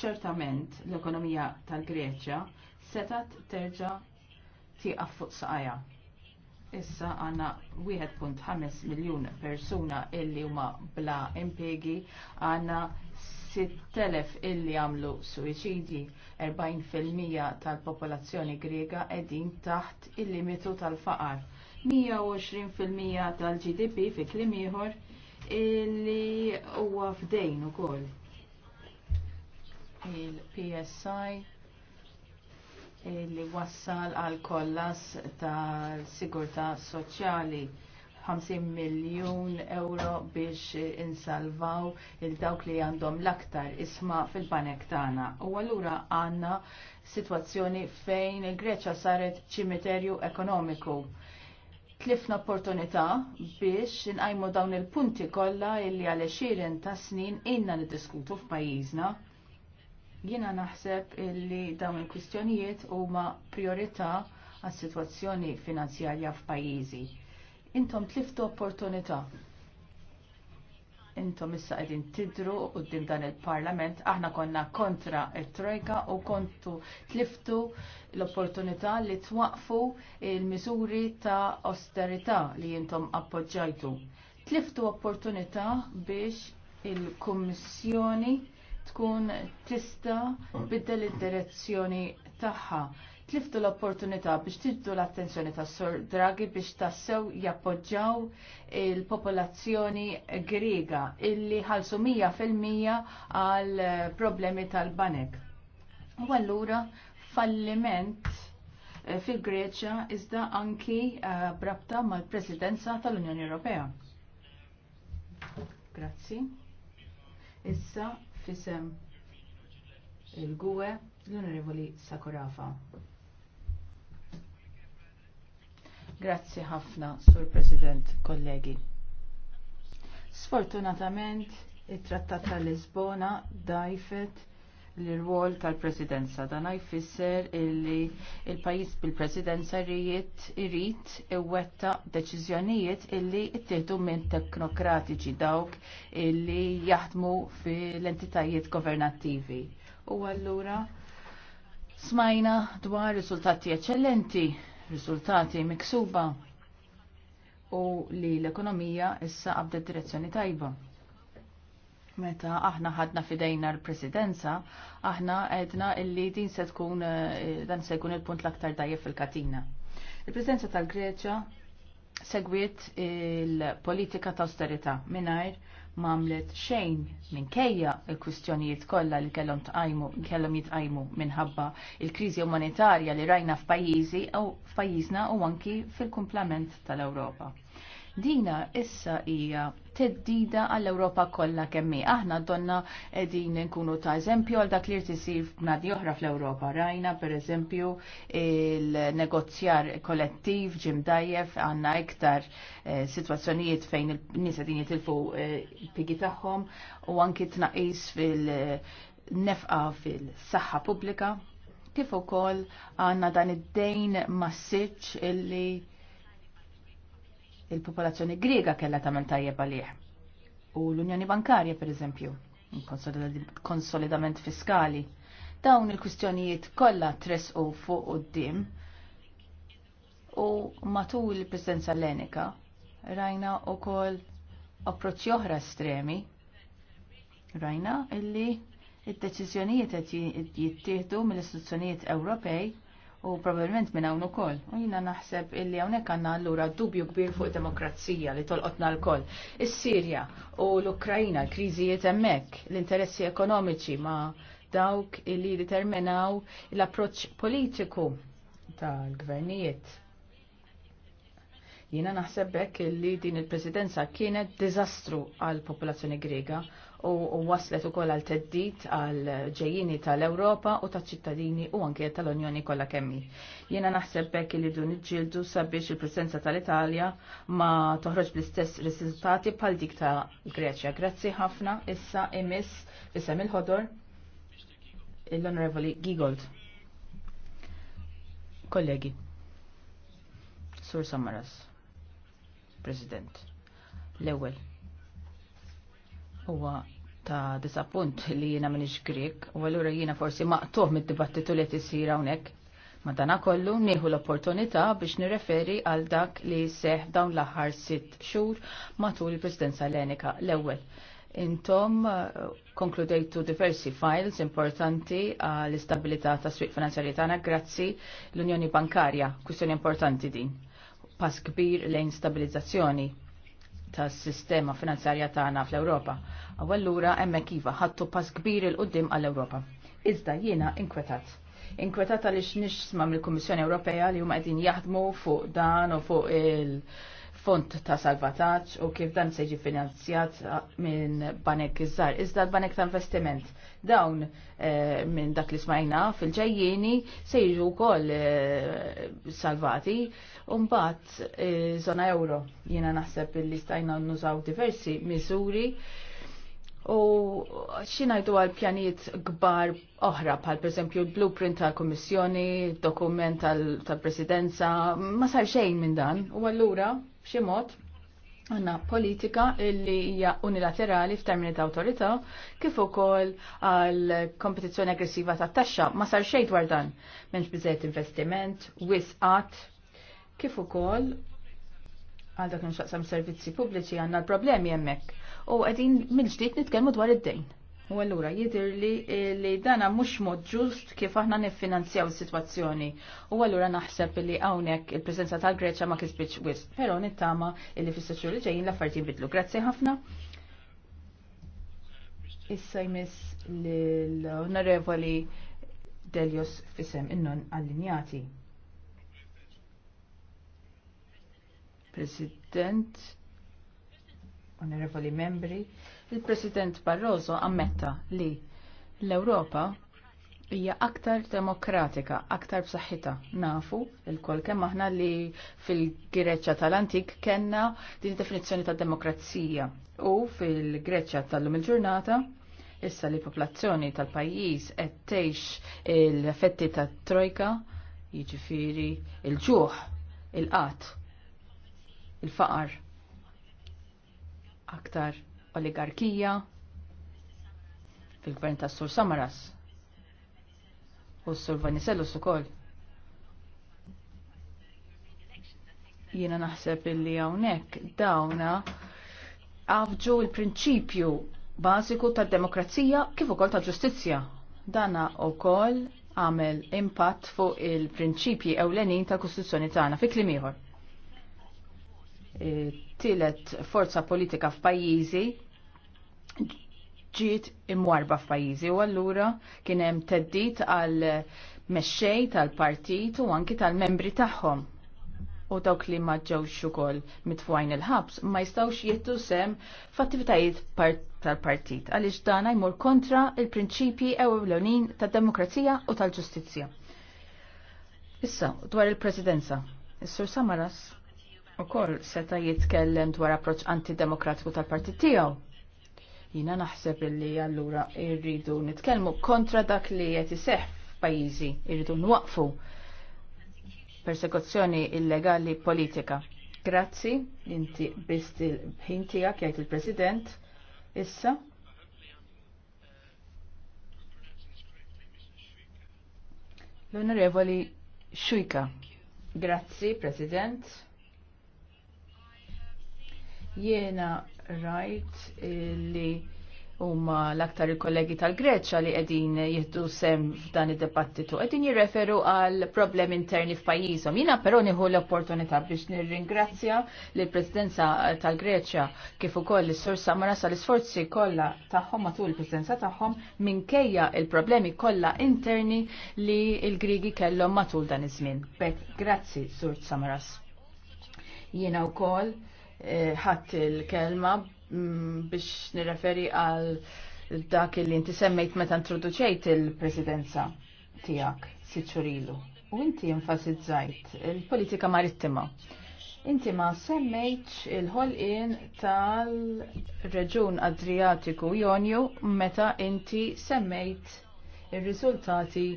ċertament l-ekonomija tal-Greċja setat terġa' tieqaf fuq saqajja. Issa għanna 1.5 miljun persuna illi huma bla impiegi għanna 6.000 illi għamlu suicidi, 40% tal-popolazzjoni Griega edin taħt il-limitu tal-faqar, 120% tal-GDP fi klimiħor ieħor illi huwa f'dejn ukoll. Il-PSI illi wassal għal kollas tal-sigurta soċjali 50 miljun euro biex insalvaw il-dawk li għandhom l-aktar isma fil-banek tagħna. U allura għandna sitwazzjoni fejn il-Greċja saret ċimiterju ekonomiku tlifna opportunità biex inqajmu dawn il-punti kollha illi għal xirin ta' snin inna niddiskutu f'pajjiżna. Jiena naħseb illi dawn il-kwistjonijiet huma priorità għas-sitwazzjoni finanzjarja f'pajjiżi intom tliftu opportunità. Intom issa qegħdin tidru din dan il-Parlament, aħna konna kontra il trojka u kontu tliftu l-opportunità li twaqfu il-miżuri ta' austerità li intom appoġġajtu. Tliftu opportunità biex il-Kummissjoni tkun tista' biddel id-direzzjoni tagħha tliftu l-opportunità biex tiddu l-attenzjoni ta' sur Draghi biex tassew jappoġġaw il-popolazzjoni griega illi ħalsu mija fil-mija għal problemi tal-banek. U allura falliment eh, fil-Greċja iżda anki eh, brabta mal-presidenza tal-Unjoni Ewropea. Grazzi. Issa fisem il-gwe l-Onorevoli Sakurafa. Grazzi ħafna, Sur President, kollegi. Sfortunatament, it-Trattat tal-Lisbona dajfet l-rwol tal-presidenza. Dan jfisser illi il-pajis bil-presidenza rijiet irrit iwetta deċiżjonijiet illi ittieħdu minn teknokratiċi dawk illi jaħdmu fil-entitajiet governattivi. U allura smajna dwar riżultati eċċellenti riżultati miksuba u li l-ekonomija issa għabda direzzjoni tajba. Meta aħna ħadna fidejna l-presidenza, aħna għedna illi din se tkun eh, dan se jkun il-punt l-aktar dajja fil-katina. Il-presidenza tal-Greċja segwiet il-politika ta' austerita minnajr mamlet xejn kejja il-kwistjonijiet kollha li kellhom tqajmu kellhom jitqajmu minħabba il-kriżi umanitarja li rajna f'pajjiżi u f'pajjiżna u anki fil-kumplament tal-Ewropa. Dina issa hija teddida għall-Ewropa kollha kemmi. Aħna donna qegħdin nkunu ta' eżempju għal dak li tisir f'nadi oħra fl-Ewropa. Rajna pereżempju il-negozjar kollettiv ġimdajjef għandna iktar eh, sitwazzjonijiet fejn il-nies qegħdin jitilfu eh, pigi tagħhom u anki tnaqis fil-nefqa fil-saħħa pubblika kif ukoll għandna dan id-dejn massiċ illi il-popolazzjoni Griega kella tagħmel tajjeb għalih. U l-Unjoni Bankarja pereżempju, konsolidament fiskali. Dawn il-kwistjonijiet kollha u fuq quddiem u matul il l-enika, rajna wkoll approċċi oħra estremi. Rajna illi il deċiżjonijiet qed jittieħdu mill-istituzzjonijiet Ewropej u probabilment minn hawn ukoll. U jiena naħseb illi hawnhekk għandna allura dubju kbir fuq demokrazija li tolqotna l kol Is-Sirja u l ukrajina l-kriżijiet hemmhekk, l-interessi ekonomiċi ma dawk illi determinaw l-approċċ politiku tal-gvernijiet. Jiena naħseb hekk illi din il-presidenza kienet diżastru għall popolazzjoni Grega u waslet u koll għal-teddit għal-ġejjini tal-Europa u tal-ċittadini u anke tal-Unjoni kollha kemmi. Jiena naħseb bekk li dun iġildu sabiex il-presenza tal-Italja ma toħroġ bl-istess riżultati bħal dik ta' Greċja. Grazzi ħafna issa imiss isem il-ħodor l-Onorevoli Gigold. Kollegi, Sur Samaras, President, l-ewel, huwa ta' disappunt li jiena minix Grek u allura jiena forsi maqtuħ mid-dibattitu li t-sira unek. hawnhekk. dana kollu nieħu l-opportunità biex nirreferi għal dak li seħ dawn l-aħħar sitt xhur matul il-Presidenza Lenika l-ewwel. Intom eh, konkludejtu diversi files importanti għall istabilità ta' swieq finanzjarji tagħna grazzi l-Unjoni Bankarja, kwistjoni importanti din. Pass kbir lejn stabilizzazzjoni tas-sistema finanzarja tagħna fl-Ewropa. Awellura hemmhekk iva ħadtu pass kbir il qudiem għall-Ewropa. Iżda jiena inkwetat. Inkwetat għaliex nixma mill-Kummissjoni Ewropea li huma qegħdin jaħdmu fuq dan u fuq il- font ta' salvataġġ u kif dan se jiġi finanzjat minn banek iżżar. Iżda l-banek ta' investiment dawn eh, minn dak li smajna fil ġajjini se jiġu wkoll eh, salvati u mbagħad eh, zona euro jiena naħseb li stajna nużaw diversi miżuri u xinajdu għal pjanijiet gbar oħra, pal per esempio il-blueprint tal-Komissjoni, dokument tal-Presidenza, ma sar xejn minn dan, u għallura B'xi mod għanna politika li hija unilaterali f'termini ta' autorità kif ukoll għal kompetizzjoni aggressiva ta' taxxa ma sar xejn dwar dan m'hemmx biżejjed investiment, wisqat kif ukoll għal dak nxaqsam servizzi pubbliċi għandna l-problemi hemmhekk u qegħdin mill-ġdid nitkellmu dwar id-dejn. U allura jidir li li dana mhux mod ġust kif aħna niffinanzjaw is-sitwazzjoni. U allura naħseb li hawnhekk il prezenza tal-Greċja ma kisbitx wisq, però nittama li fis li ġejjin l-affarijiet jinbidlu. Grazzi ħafna. Issa jmiss l-Onorevoli Delios Fisem innon allinjati. President, onorevoli membri, Il-President Barroso ammetta li l-Ewropa hija aktar demokratika, aktar b'saħħitha. Nafu il-kol kemm aħna li fil-Greċja tal-antik kenna din definizzjoni ta' demokrazija u fil-Greċja tal-lum il-ġurnata issa li popolazzjoni tal-pajjiż qed tgħix l-effetti tat-trojka, jiġifieri il-ġuħ, il qat il-faqar aktar oligarkija fil-gvern ta' Sur Samaras u Sur Vanisellus ukoll. Jiena naħseb illi hawnhekk dawna għafġu il prinċipju bażiku tad-demokrazija kif ukoll ta' ġustizzja Dana ukoll għamel impatt fuq il-prinċipji ewlenin tal-Kostituzzjoni tagħna fi klimiħor. ieħor. Eh, forza politika f'pajjiżi ġiet imwarba f'pajjiżi u allura kien hemm teddit għal mexxej tal-partit u anki tal-membri tagħhom. U dawk li ma ġewx ukoll mitfwajn il-ħabs ma jistgħux jittu sem f'attivitajiet tal-partit għaliex dan jmur kontra il-prinċipji ewlenin tad-demokrazija u tal-ġustizzja. Issa, dwar il-presidenza, is-Sur Samaras ukoll seta' jitkellem dwar approċċ antidemokratiku tal-partit tiegħu Jina naħseb li allura irridu nitkellmu kontra dak li qed iseħħ f'pajjiżi, irridu nwaqfu persekuzzjoni illegali politika. Grazzi, inti bist l ħin tiegħek jgħid il-President. Issa, L-Onorevoli Xujka. Grazzi, President. Jena rajt li huma l-aktar il-kollegi tal-Greċa li qegħdin jieħdu sem f'dan id-dibattitu qegħdin jirreferu għal problemi interni f'pajjiżhom. Jiena però nieħu l-opportunità biex nirringrazzja lill presidenza tal-Greċja kif ukoll is-Sur Samara sal-isforzi kollha tagħhom matul il-presidenza tagħhom minkejja il-problemi kollha interni li l-Grigi kellhom matul dan iż-żmien. Bet grazzi Sur Samaras. Jiena wkoll Eh, ħadd il-kelma mm, biex nirreferi għal dak li inti semmejt meta introduċejt il-presidenza tiegħek siċurilu. U inti enfasizzajt il-politika marittima. Inti ma semmejtx il-ħolqien tal-Reġun Adriatiku Jonju meta inti semmejt ir-riżultati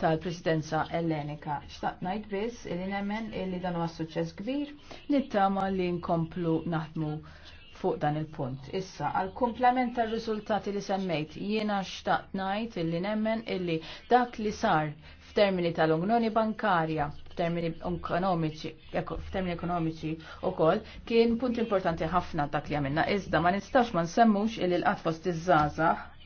tal-presidenza ellenika. Xtaqt najt biss illi nemmen illi dan huwa suċċess kbir nittama li nkomplu naħdmu fuq dan il-punt. Issa, għal komplement tal riżultati li semmejt, jiena xtaqt najt illi nemmen illi dak li sar f'termini tal-unjoni bankarja, f'termini ekonomiċi, f'termini ekonomiċi u kol, kien punt importanti ħafna dak li għamilna. Iżda ma nistax ma nsemmux illi l-qatfost iż-żazax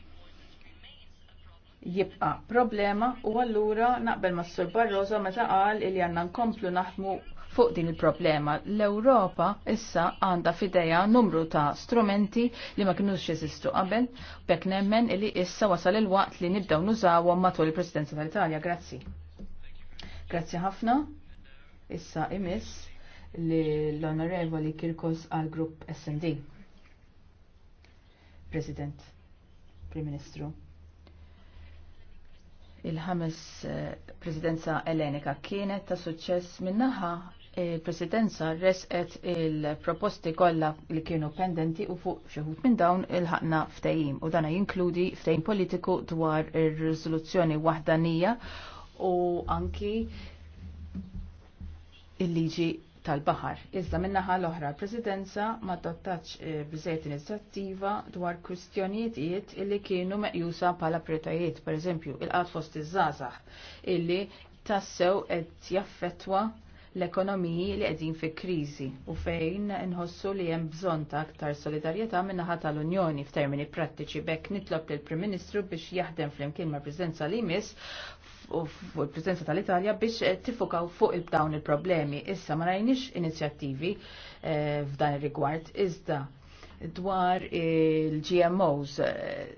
jibqa problema u allura naqbel ma' Sur Barroso meta qal li għandna nkomplu naħdmu fuq din il-problema. L-Ewropa issa għandha fideja numru ta' strumenti li ma kinux jeżistu qabel, bekk nemmen li issa wasal il-waqt li nibdaw nużawhom matul il-Presidenza tal-Italja. Grazzi. Grazzi ħafna. Issa imiss li l-Onorevoli Kirkos għal grupp SD. President, Prim Ministru il-ħames eh, presidenza Elenika kienet ta' suċċess minnaħa il-presidenza resqet il-proposti kollha li kienu pendenti u fuq xeħut minn dawn il-ħakna ftejim u dana jinkludi ftejim politiku dwar ir-riżoluzzjoni wahdanija u anki il-liġi tal-bahar. Iżda minnaħa l-oħra, presidenza ma dottax eh, bżejt inizjattiva dwar kwistjonijiet illi kienu meqjusa pala pretajiet, per eżempju, il-qat fost iż-żazax, illi tassew qed jaffetwa l-ekonomiji li qegħdin fi kriżi u fejn inħossu li hemm bżonn ta' aktar solidarjetà min-naħa tal-Unjoni f'termini prattiċi bekk nitlob lill prim Ministru biex jaħdem flimkien mal-Preżenza li jmiss u il prezenza tal-Italja biex eh, tifokaw fuq il-dawn il-problemi. Issa ma rajniex inizjattivi eh, f'dan ir-rigward iżda dwar il-GMOs eh,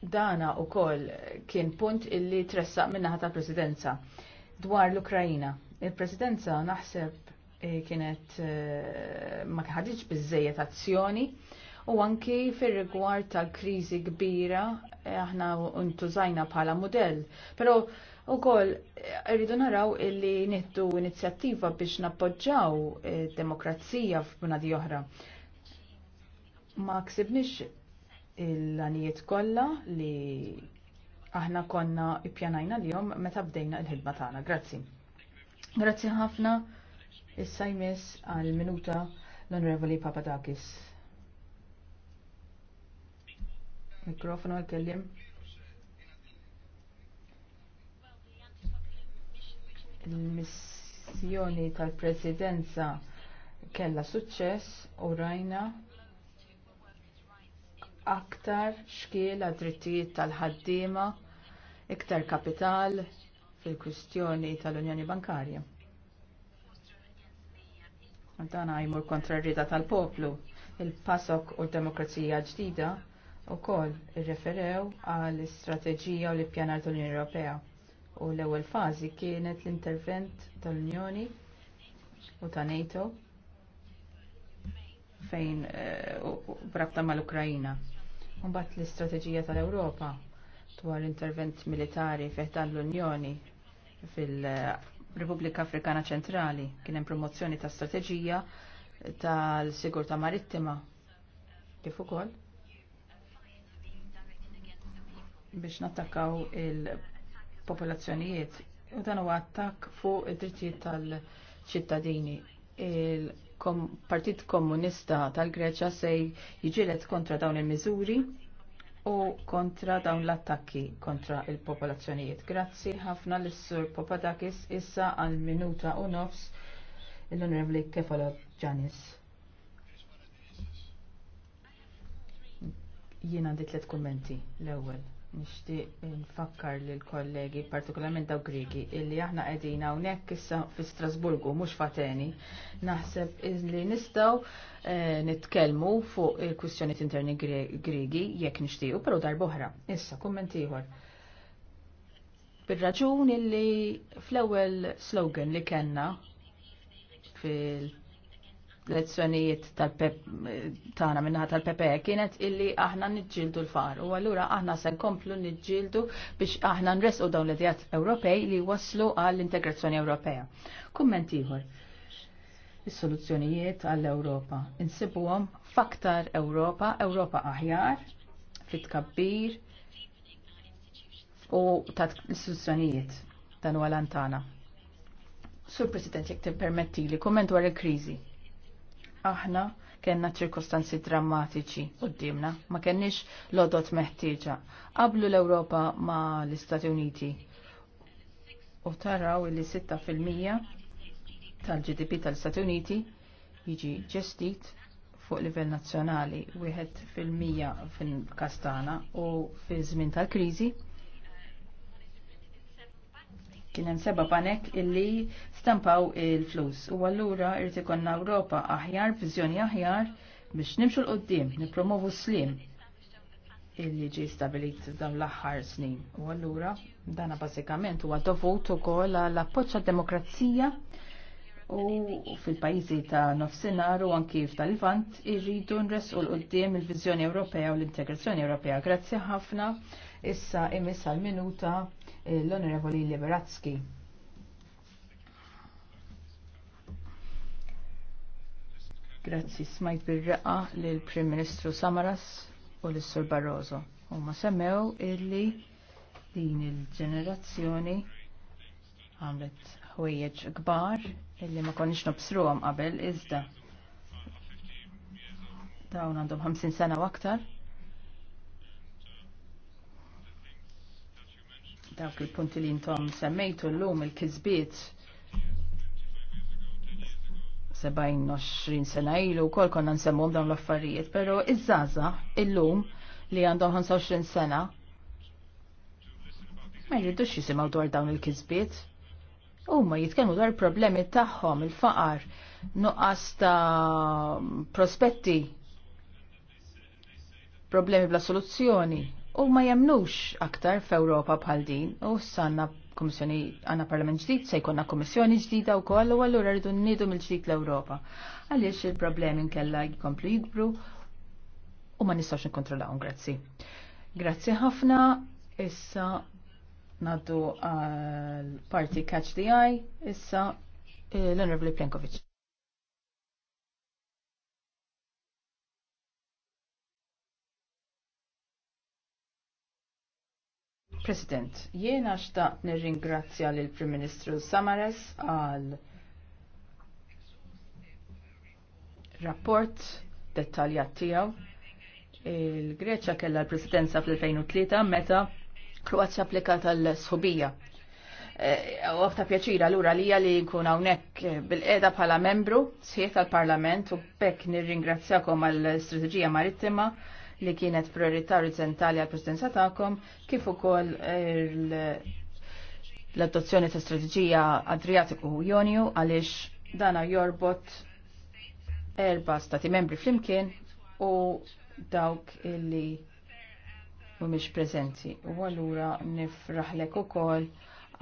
dana u koll kien punt illi tressa minnaħa tal-presidenza dwar l-Ukrajina. Il-presidenza naħseb kienet ma kħadġ bizzejet azzjoni u anki fir rigward tal-krizi kbira Eh, aħna zajna bħala model. Pero u kol, eh, rridu naraw illi nittu inizjattiva biex nappoġġaw eh, demokrazija di oħra. Ma ksibnix il-għanijiet kollha li aħna konna ippjanajna li jom meta bdejna il-ħidma tagħna. Grazzi. Grazzi ħafna. Issa jmiss għal minuta l-Onorevoli Papadakis. Mikrofonu għal-kellim. Il-missjoni tal-presidenza kella suċċess u rajna aktar xkiel drittijiet tal-ħaddiema, iktar kapital fil-kwistjoni tal-Unjoni Bankarja. Dan għajmur kontra tal-poplu, il-pasok u d-demokrazija ġdida kol irreferew għall istrateġija u l-ippjanar tal-Unjoni Ewropea. U l-ewwel fażi kienet l-intervent tal-Unjoni u ta' NATO fejn eh, brabta mal-Ukrajina. Mbagħad l-istrateġija tal-Ewropa dwar l-intervent militari feħtan l-Unjoni fil-Repubblika Afrikana Ċentrali kien hemm promozzjoni ta' strateġija tal-sigurtà marittima kif ukoll biex nattakkaw il-popolazzjonijiet. U dan huwa attakk fuq id-drittijiet tal-ċittadini. Il-Partit Komunista tal-Greċja se jiġilet kontra dawn il-miżuri u kontra dawn l-attakki kontra l popolazzjonijiet Grazzi ħafna l-Sur Popadakis issa għal minuta u nofs l-Onorevli Kefalo Ġanis. Jiena għandi tliet kummenti l-ewwel. Nixtieq nfakkar lill kollegi partikolarment daw Grigi, illi aħna qegħdin hawnhekk issa fi Strasburgu, mhux fateni. Naħseb illi nistgħu eh, nitkellmu fuq il-kwistjonijiet interni Grigi jekk nixtiequ, però darb'oħra. Issa, kumment ieħor. Bir-raġun illi fl-ewwel slogan li kellna fil l-elezzjonijiet tagħna minna tal pepe kienet illi aħna niġġieldu l-far u allura aħna se nkomplu niġġieldu biex aħna nresqu dawn l edjat Ewropej li waslu għall-integrazzjoni Ewropea. Kumment ieħor is-soluzzjonijiet għall-Ewropa. Insibuhom faktar Ewropa, Ewropa aħjar, fit-kabbir u ta' istituzzjonijiet dan għal-antana. Sur President, jek permetti li komment dwar il-kriżi aħna kena ċirkostanzi drammatiċi qoddimna, ma kenniex lodot meħtieġa. Qablu l-Ewropa ma l-Istati Uniti u taraw li 6% tal-GDP tal-Istati Uniti jiġi ġestit fuq livell nazzjonali, wieħed fil-mija fil-kastana u fi żmien tal-kriżi Kien hemm seba' panek illi stampaw il-flus u allura irid ikollna Ewropa aħjar, viżjoni aħjar biex nimxu l-qoddim, nipromovu slim illi ġi stabilit dawn l-aħħar snin. U allura dana bażikament huwa dovut ukoll għall appoġġ demokrazija u fil-pajjiżi ta' nofsinhar u anki f'tal-Levant irridu nresqu l-qoddim il-viżjoni Ewropea u l-integrazzjoni Ewropea. Grazzi ħafna. Issa imis l minuta l-Onorevoli Liberatski. Grazzi, smajt bil-reqa l-Prim Ministru Samaras u l-Sur Barroso. U ma semmew illi din il-ġenerazzjoni għamlet ħwejjeġ kbar illi ma konniex nobsruhom qabel iżda. Dawn għandhom 50 sena u aktar dawk il-punti li intom semmejtu l-lum il-kizbiet 27-20 sena ilu kol konna nsemmum dawn l-affarijiet, pero iż-żaza il-lum li għandhom 25 sena ma jridux jisimaw dwar dawn il-kizbiet. Huma jitkellmu dwar problemi tagħhom, il-faqar, nuqqas ta' prospetti, problemi bla soluzzjoni u ma jemnux aktar f'Ewropa bħal din u s-sanna komissjoni għanna parlament ġdid, se jkonna komissjoni ġdida u koll u għallura rridu nidu mill-ġdid l-Ewropa. Għaliex il-problemi nkella jkomplu jikbru u ma nistax nkontrollawhom, grazzi. Grazzi ħafna, issa naddu għal parti Catch the Eye, issa eh, l-Onorevoli Plenkovic. President, jiena xtaqt nirringrazzja lil prim Ministru Samares għal rapport dettaljat tiegħu. Il-Greċja kellha l-Presidenza fl-2003 meta Kroazja applikata l-sħubija. E, u għafta pjaċira l-ura li li nkun għawnek bil-qeda bħala membru sħiħ tal-Parlament u bekk nirringrazzjakom għal-Strategija Marittima li kienet priorità orizzontali għal presidenza tagħkom kif ukoll l-adozzjoni ta' strateġija Adriatiku u Jonju għaliex dana jorbot erba stati membri flimkien u dawk illi mhumiex preżenti. U allura nifraħlek ukoll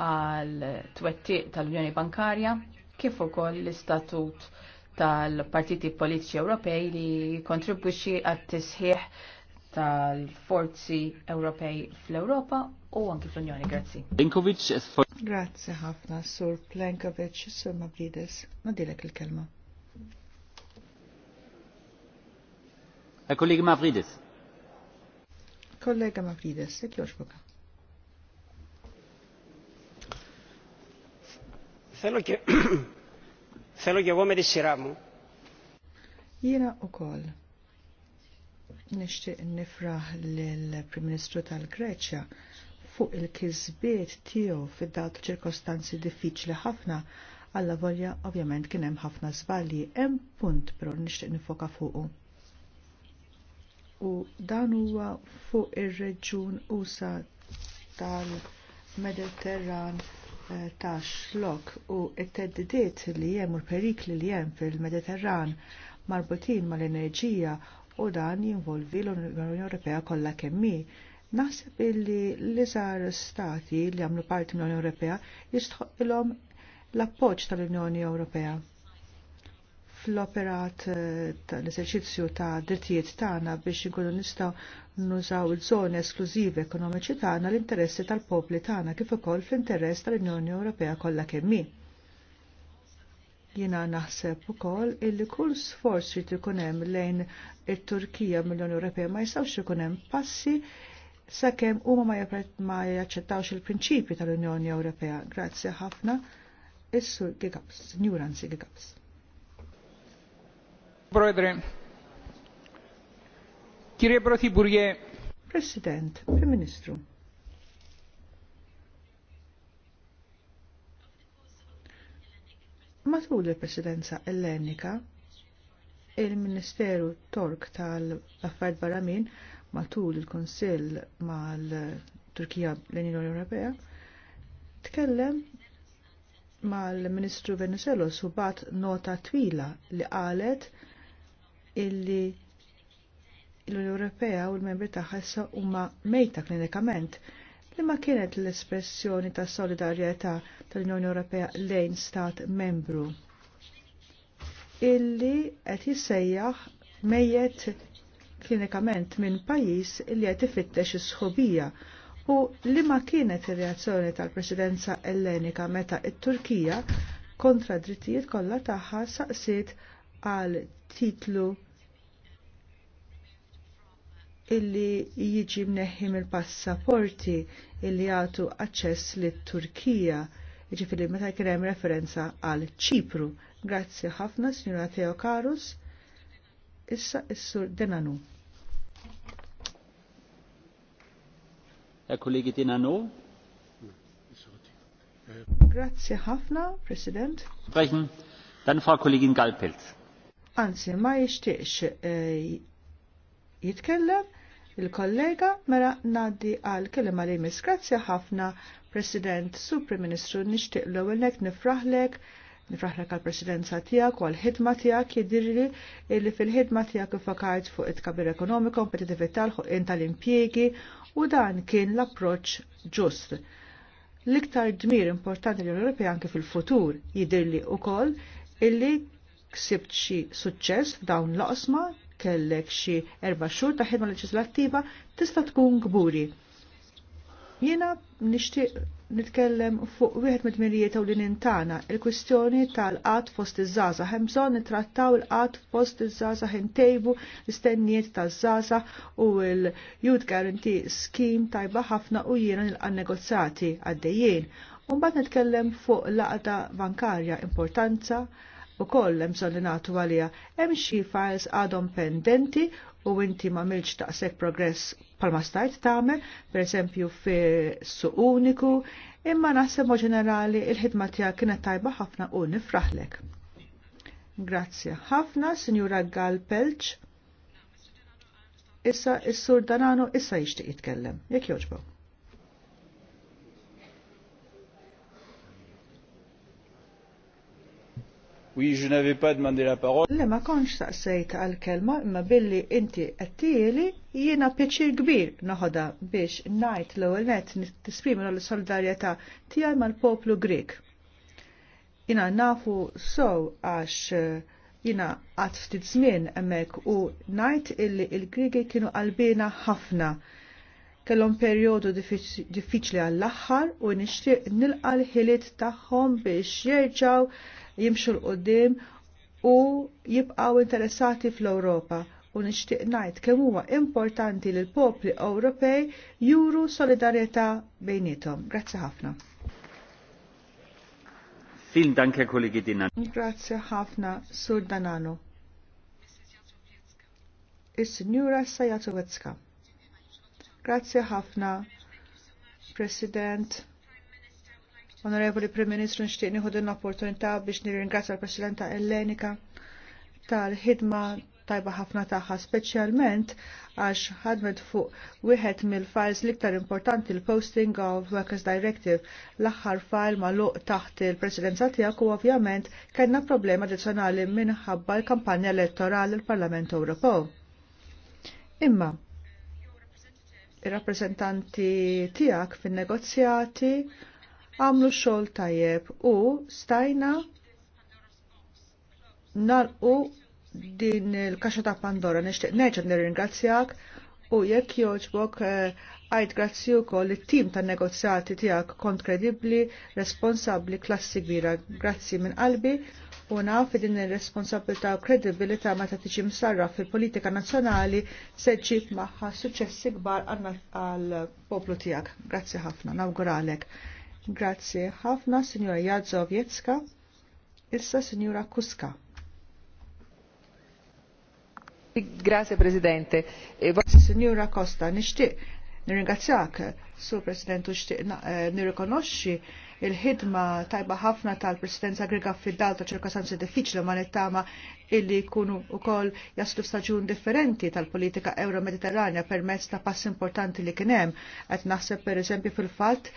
għal twettiq tal-Unjoni Bankarja kif ukoll l-istatut tal-partiti politiċi Ewropej li kontribwixxi għat-tisħiħ tal-forzi Ewropej fl-Ewropa u anki fl-Unjoni. Grazzi. Plenkovic. Grazzi ħafna, Sur Plenkovic, Sur Mavridis. Nadilek il-kelma. Kollega Mavridis. Kollega Mavridis, jek joġbuka. Θέλω και Θέλω και εγώ με τη σειρά μου. u koll. Nishtiq nifraħ l-Prim Ministru tal-Greċja fuq il-kizbiet tiegħu fid-dawk ċirkostanzi diffiċli ħafna għalla volja ovvjament kien hemm ħafna żbalji hemm punt però nixtieq nifoka fuqu. U dan huwa fuq ir-reġjun USA tal-Mediterran ta' xlok u it-teddidiet li jem u l-perikli li jem fil-Mediterran marbutin mal-enerġija u dan jinvolvi l-Unjoni Ewropea kollha kemmi. Naħseb li l-iżgħar stati li għamlu parti mill-Unjoni Ewropea jistħoq l-appoġġ tal-Unjoni Ewropea fl-operat eh, tal-eserċizzju ta' drittijiet tagħna biex inkunu nistgħu nużaw il-żoni esklużivi ekonomiċi tagħna l-interessi tal-popli tagħna kif ukoll fl-interess tal-Unjoni Ewropea kollha kemm hi. Jiena naħseb ukoll illi kull sforz jrid ikun hemm lejn it-Turkija mill-Unjoni Ewropea ma jistgħux ikun hemm passi sakemm huma ma jaċċettawx il-prinċipji tal-Unjoni Ewropea. Grazzi ħafna. Is-sur Gigaps, Newrancy gigabs. Kire Broti Burje. President, Prim Ministru. Matul il-presidenza ellenika, il-Ministeru Tork tal affar Barramin matul il-Konsill mal-Turkija l-Unjoni Ewropea tkellem mal-Ministru Venizelos u bat nota twila li qalet illi l-Unjoni Ewropea u l-membri tagħha issa huma mejta klinikament li ma kienet l-espressjoni ta' solidarjetà tal-Unjoni Ewropea lejn stat membru illi qed jissejjaħ mejjed klinikament minn pajjiż li qed ifittex is-sħobija u li ma kienet ir-reazzjoni tal-Presidenza Ellenika meta it-Turkija kontra drittijiet kollha tagħha saqsiet għal titlu illi jiġi mneħim il passaporti illi għatu aċċess lit turkija ġifiri meta kien hemm referenza għal Ċipru. Grazzi ħafna, Sinjura Teo Karus. Issa is-Sur Denanu. kollegi Denanu. Grazzi ħafna, President. Sprechen, dan Frau Kollegin Galpilz. Anzi, ma jixtiex eh, jitkellem il-kollega mera naddi għal kelima li misgrazzja ħafna President Supreme Ministru nixtieq l-ewwel nifraħlek nifraħlek għal presidenza tiegħek u għal ħidma tiegħek jidirli li fil-ħidma tiegħek ifakart fuq it-kabir ekonomiku, kompetitività l-ħolqien tal-impjiegi u dan kien l-approċċ ġust. L-iktar dmir importanti l-Unjoni anke fil-futur jidirli wkoll illi ksibt xi suċċess f'dawn l osma kellek xi erba' xhur ta' ħidma leġislattiva tista' tkun kburi. Jiena nixtieq nitkellem fuq wieħed mit-tmirijiet ewlenin tagħna, il-kwistjoni tal-qatt fost iż-żaża. Hemm bżonn nittrattaw il-qatt fost iż-żaża ħintejbu l-istennijiet taż-żaża u l-Youth Guarantee Scheme tajba ħafna u jiena nilqa' negozjati għaddejjien. mbagħad nitkellem fuq laqda bankarja importanza u koll hemm bżonn nagħtu għaliha. Hemm xi files għadhom pendenti u inti ma milx taqsek progress palma stajt tagħmel, pereżempju fi suq uniku, imma naħseb ġenerali il-ħidma tiegħek kienet tajba ħafna u nifraħlek. Grazzi ħafna, Sinjura Gal Pelċ. Issa, is-sur Danano issa jixtieq jitkellem. Jekk jogħġbok. Oui, je n'avais pas demandé la parole. Le ma konx saqsejt għal-kelma imma billi inti għattijeli jiena pieċir kbir noħoda biex najt l ewwel net tisprimu l-solidarieta tijaj mal-poplu Grek. Jiena nafu sow għax eh, jiena għat ftit żmien emmek u najt illi il-Grigi kienu qalbina ħafna. Kellhom perjodu diffiċli għall-aħħar u nixtieq nilqa l-ħiliet tagħhom biex jerġgħu jimxu l-qoddim u jibqaw interessati fl-Ewropa u nixtieq ngħid kemm huwa importanti li l-popli Ewropej juru solidarjetà bejnietom. Grazzi ħafna. Fil danke kollegi Dinan. ħafna, Sur Danano. Is-Signura Sajatowecka. Grazzi ħafna, President. Onorevoli Prim Ministru, nixtieq nieħu din l-opportunità biex nirringrazzja l-Presidenta Ellenika tal-ħidma tajba ħafna tagħha, speċjalment għax ħadmet fuq wieħed mill-files l-iktar importanti l-Posting of Workers Directive, l-aħħar file magħluq taħt il-Presidenza tiegħek u ovvjament kellna problema addizzjonali minħabba l-kampanja elettorali l-Parlament Ewropew. Imma, ir-rappreżentanti tiegħek fin-negozjati għamlu xogħol tajjeb u stajna nalqu din il-kaxa ta' Pandora. Nixtieq neġed nirringrazzjak u jekk jogħġbok eh, għajt grazzi u koll il-tim ta' negozjati tijak kont kredibli, responsabli, klassi kbira. Grazzi minn qalbi u naf din il-responsabilta u kredibilita meta tiġi msarra fil-politika nazzjonali se maħħa suċessi kbar għal poplu tijak. Grazzi ħafna, nawguralek. Grazzi ħafna, Signora Jadzowiecka, issa Signora Kuska. Grazie Presidente. E... Signora Costa, nixtieq nirringazzjak, Sur President, u xtieq eh, nirrikonoxxi il-ħidma tajba ħafna tal-Presidenza Grega fid-dal ta' ċirkostanzi diffiċli ma' nittama illi jkunu wkoll jaslu staġun differenti tal-politika euro-mediterranja permezz ta' pass importanti li kien hemm naħseb naħseb pereżempju fil-fatt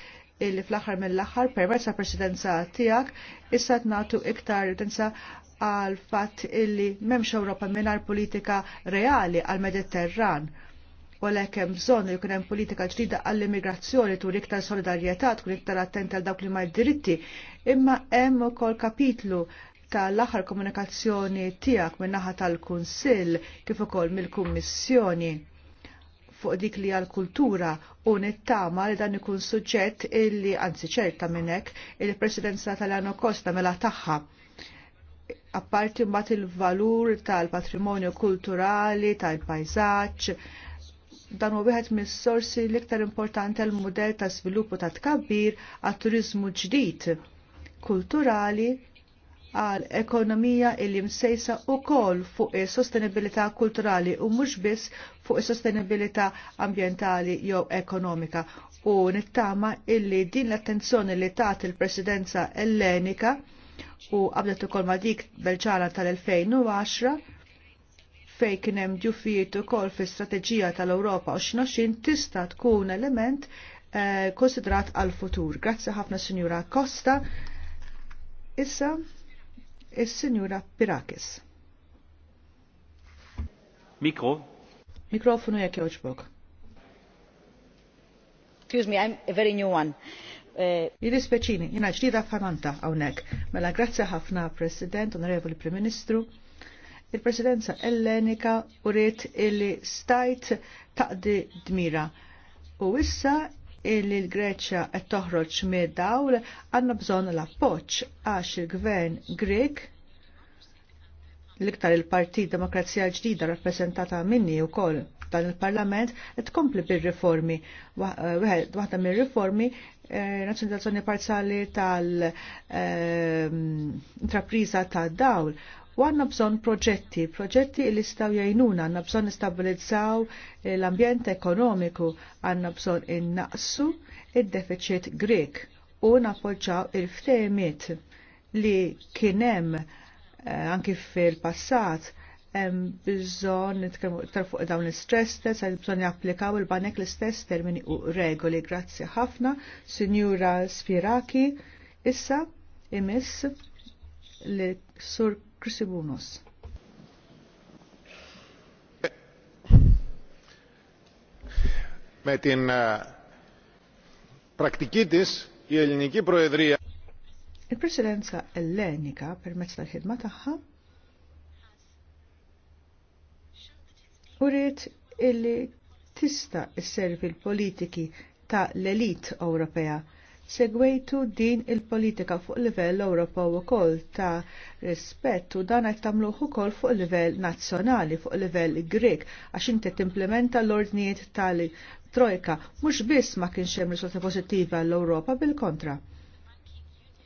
illi fl-aħħar mill-aħħar permezz ta' presidenza tiegħek issa t t-natu iktar tensa għal fatt illi m'hemmx Ewropa mingħajr politika reali għal Mediterran u għalhekk hemm bżonn li jkun hemm politika ġdida għall-immigrazzjoni tur iktar solidarjetà tkun iktar attenti għal dawk li ma diritti imma hemm ukoll kapitlu tal-aħħar komunikazzjoni tiegħek min-naħa tal-Kunsill kif ukoll mill-Kummissjoni fuq dik li għal-kultura u nittama li dan ikun suġġett illi, anzi ċerta minnek, il-presidenza tal għano Kosta mela taħħa. Apparti mbagħad il-valur tal-patrimonju kulturali, tal-pajzaġġ, dan u wieħed mis-sorsi l-iktar importanti għal mudell ta' sviluppu ta' tkabbir għat turiżmu ġdid kulturali għal ekonomija illi msejsa u kol fuq sostenibilità kulturali u mux biss fuq sostenibilità ambientali jew ekonomika. U nittama illi din l-attenzjoni li tat il-presidenza ellenika u qabdet ukoll ma dik belċana tal-2010 fej kien hemm u ukoll fi strateġija tal-Ewropa 2020 tista' tkun element eh, konsidrat għal futur. Grazzi ħafna Sinjura Costa. Issa il sinjura Pirakis. Mikro. Mikrofonu jek joċbok. Excuse me, I'm a very new one. Eh, Jiri speċini, jina ġdida fananta għawnek. Mela grazzi ħafna, President, Onorevoli Prim Ministru. Il-Presidenza Ellenika uriet illi stajt taqdi dmira. U issa illi l-Greċja qed toħroġ mid dawl għandna bżonn l-appoġġ għax il-Gvern Grek l-iktar il-Partit Demokrazija Ġdida rappresentata minni wkoll dan il-Parlament qed tkompli bir-riformi. Eh, waħda mir-riformi eh, nazzjonalizzazzjoni parzjali tal-intrapriża eh, tad-dawl U għanna bżon proġetti, proġetti li staw jajnuna, għanna bżon istabilizzaw eh, l-ambjent ekonomiku, għanna bżon innaqsu il-deficit grek u napoġġaw il-ftemiet li kienem eh, anki fil-passat hemm bżonn nitkellmu fuq dawn l-istress test, għal bżonn japplikaw il-banek l-istess termini u regoli. Grazzi ħafna, Sinjura Spiraki. Issa imiss li Sur Krisibunos. Με την πρακτική της η ελληνική προεδρία il Πρεσιδέντσα Ellenika permezz tal-ħidma tagħha uriet illi tista' isservi l-politiki ta' l-elit Ewropea segwejtu din il-politika fuq livell u wkoll ta' rispett u dan qed tagħmluh ukoll fuq livell nazzjonali, fuq livell Grek għax inti timplementa l-ordnijiet tal-Trojka mhux biss ma kienx hemm riżultati pożittiva għall ewropa bil-kontra.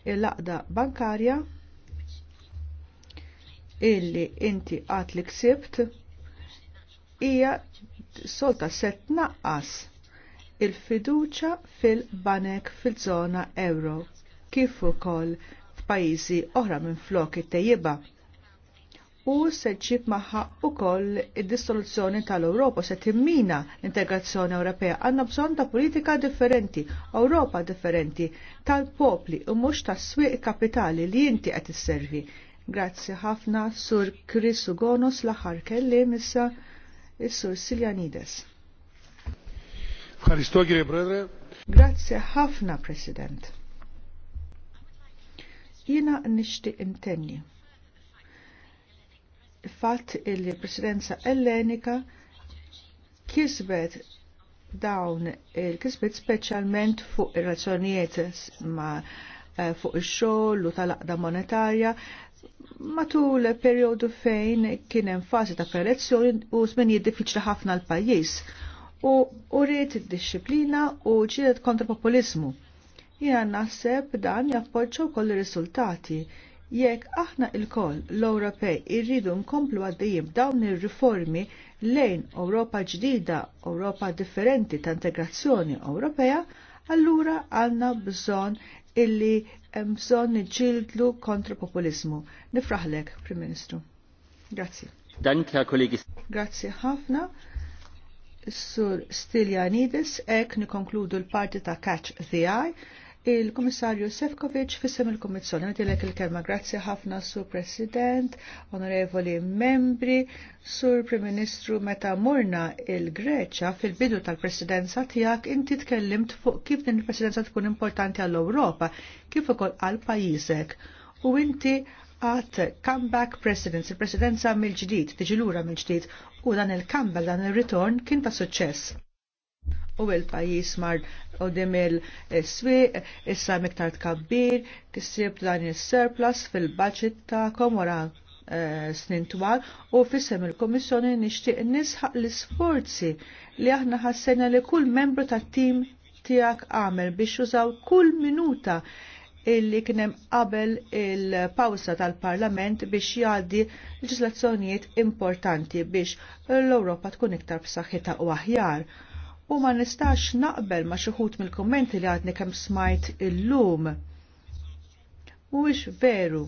Il-laqda bankarja illi inti għad li ksibt hija solta se tnaqqas il-fiduċa fil-banek fil-żona euro kif ukoll f'pajjiżi oħra minn flok it-tejjiba. U se ġib magħha ukoll id-dissoluzzjoni tal-Ewropa se timmina l-integrazzjoni Ewropea għandna bżonn ta' politika differenti, Ewropa differenti tal-popli u mhux tas-swieq kapitali li inti qed isservi. Grazzi ħafna Sur Chris Ugonos l-aħħar kellim issa is-Sur Siljanides. Grazie ħafna, President. Jina nishti intenni. Fatt il-Presidenza Ellenika kisbet dawn il-kisbet specialment fuq il-razzjonijiet ma eh, fuq il-xol u tal-aqda monetarja matul periodu fejn kien hemm fasi ta' prelezzjoni u żmien diffiċli ħafna l-pajjiż u uriet id-disciplina u ġiet kontra populizmu. Jena naħseb dan jappoġġaw koll risultati jekk aħna il-koll l-Ewropej irridu nkomplu għaddejjim dawn ir-riformi lejn Ewropa ġdida, Ewropa differenti ta' integrazzjoni Ewropea, allura għandna bżonn illi hemm bżonn niġġieldlu kontra populizmu. Nifraħlek, Prim Ministru. Grazzi. Danke kollegi. Grazzi ħafna. Sur Stiljanidis, ek nikonkludu l-parti ta' Catch the Eye, il-Komissarju Sefkovic fissim il-Komissjoni. Għadilek il-kelma, grazzi ħafna Sur President, onorevoli membri, Sur Prim Ministru, meta morna il-Greċa fil-bidu tal-Presidenza tijak, inti tkellimt fuq kif din il-Presidenza tkun importanti għall-Europa, kif ukoll għal-pajizek. U inti għat comeback presidents, il-presidenza mill-ġdid, tiġi lura mill-ġdid, u dan il kambal dan il-ritorn kien ta' suċċess. U il-pajis mar u dim il swi issa miktar tkabbir, kisib dan il-surplus fil-budget ta' komora eh, snin twal u fissem il-Komissjoni nixtieq nisħaq l-sforzi li aħna ħassena li kull membru tat-tim tiegħek għamel biex użaw kull minuta illi kienem qabel il-pawsa tal-Parlament biex jgħaddi leġislazzjonijiet importanti biex l-Ewropa tkun iktar b'saħħitha u aħjar. U ma nistax naqbel ma xuħut mill-kommenti li għadni kemm smajt illum. Mhuwiex veru.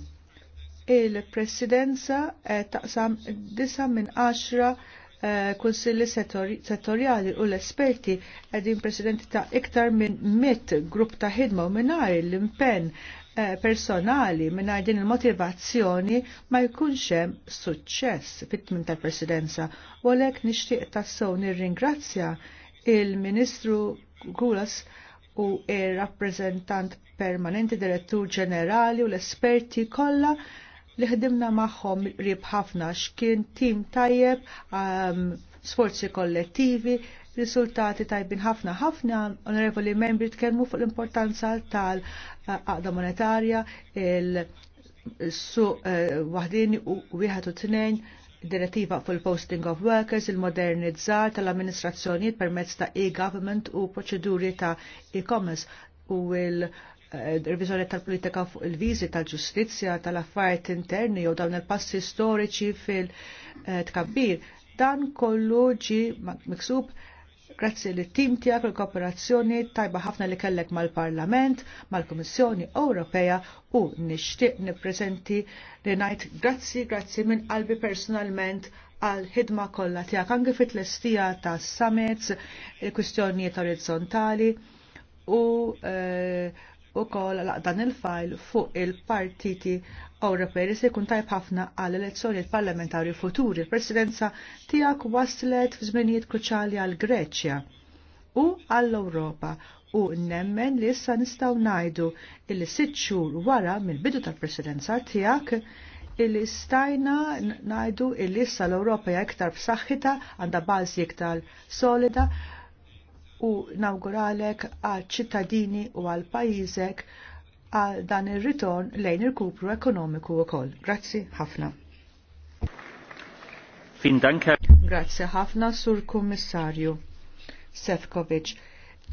Il-Presidenza taqsam disa minn 10 Eh, kunsilli settorjali u l-esperti għedin presidenti ta' iktar minn mit grupp ta' ħidma u minnari l-impen eh, personali minnar din il-motivazzjoni ma jkunx hemm suċċess fit-tmin tal-presidenza u għalhekk nixtieq tassew nirringrazzja il-Ministru Gulas u il-rappresentant permanenti direttur ġenerali u l-esperti kollha li ħdimna magħhom rib ħafna x'kien tim tajjeb, um, sforzi kollettivi, risultati tajbin ħafna ħafna onorevoli membri tkellmu fuq l-importanza tal-qaqda monetarja, il su uh, eh, waħdini u wieħed u tnejn direttiva fuq il-posting of workers, il-modernizzar tal-amministrazzjonijiet permezz ta' e-government u proċeduri ta' e-commerce u il- revizjoni tal-politika fuq il-viżi tal-ġustizzja tal-affarijiet interni jew dawn il-passi storiċi fil-tkabbir. Dan kollu ġi miksub grazzi li tim tiegħek il kooperazzjoni tajba ħafna li kellek mal-Parlament, mal-Kummissjoni Ewropea u nixtieq nippreżenti li ngħid grazzi grazzi minn qalbi personalment għal ħidma kollha tiegħek anke fit-tlestija ta' summits, il-kwistjonijiet orizzontali u eh, ukoll dan il-fajl fuq il-partiti Ewropej li se jkun tajb ħafna għal elezzjonijiet parlamentari futuri. Il-presidenza tiegħek waslet f'żminijiet kruċali għal Greċja u għall-Ewropa u nemmen li issa nistgħu ngħidu illi sitt xhur wara mill-bidu tal-presidenza tiegħek illi stajna najdu illi issa l-Ewropa iktar b'saħħitha għandha bażi iktar solida u nawguralek għal ċittadini u għal pajjiżek għal dan ir-ritorn lejn il-kupru ekonomiku wkoll. Grazzi ħafna. Fin danke. Grazzi ħafna sur kummissarju Sefkovic.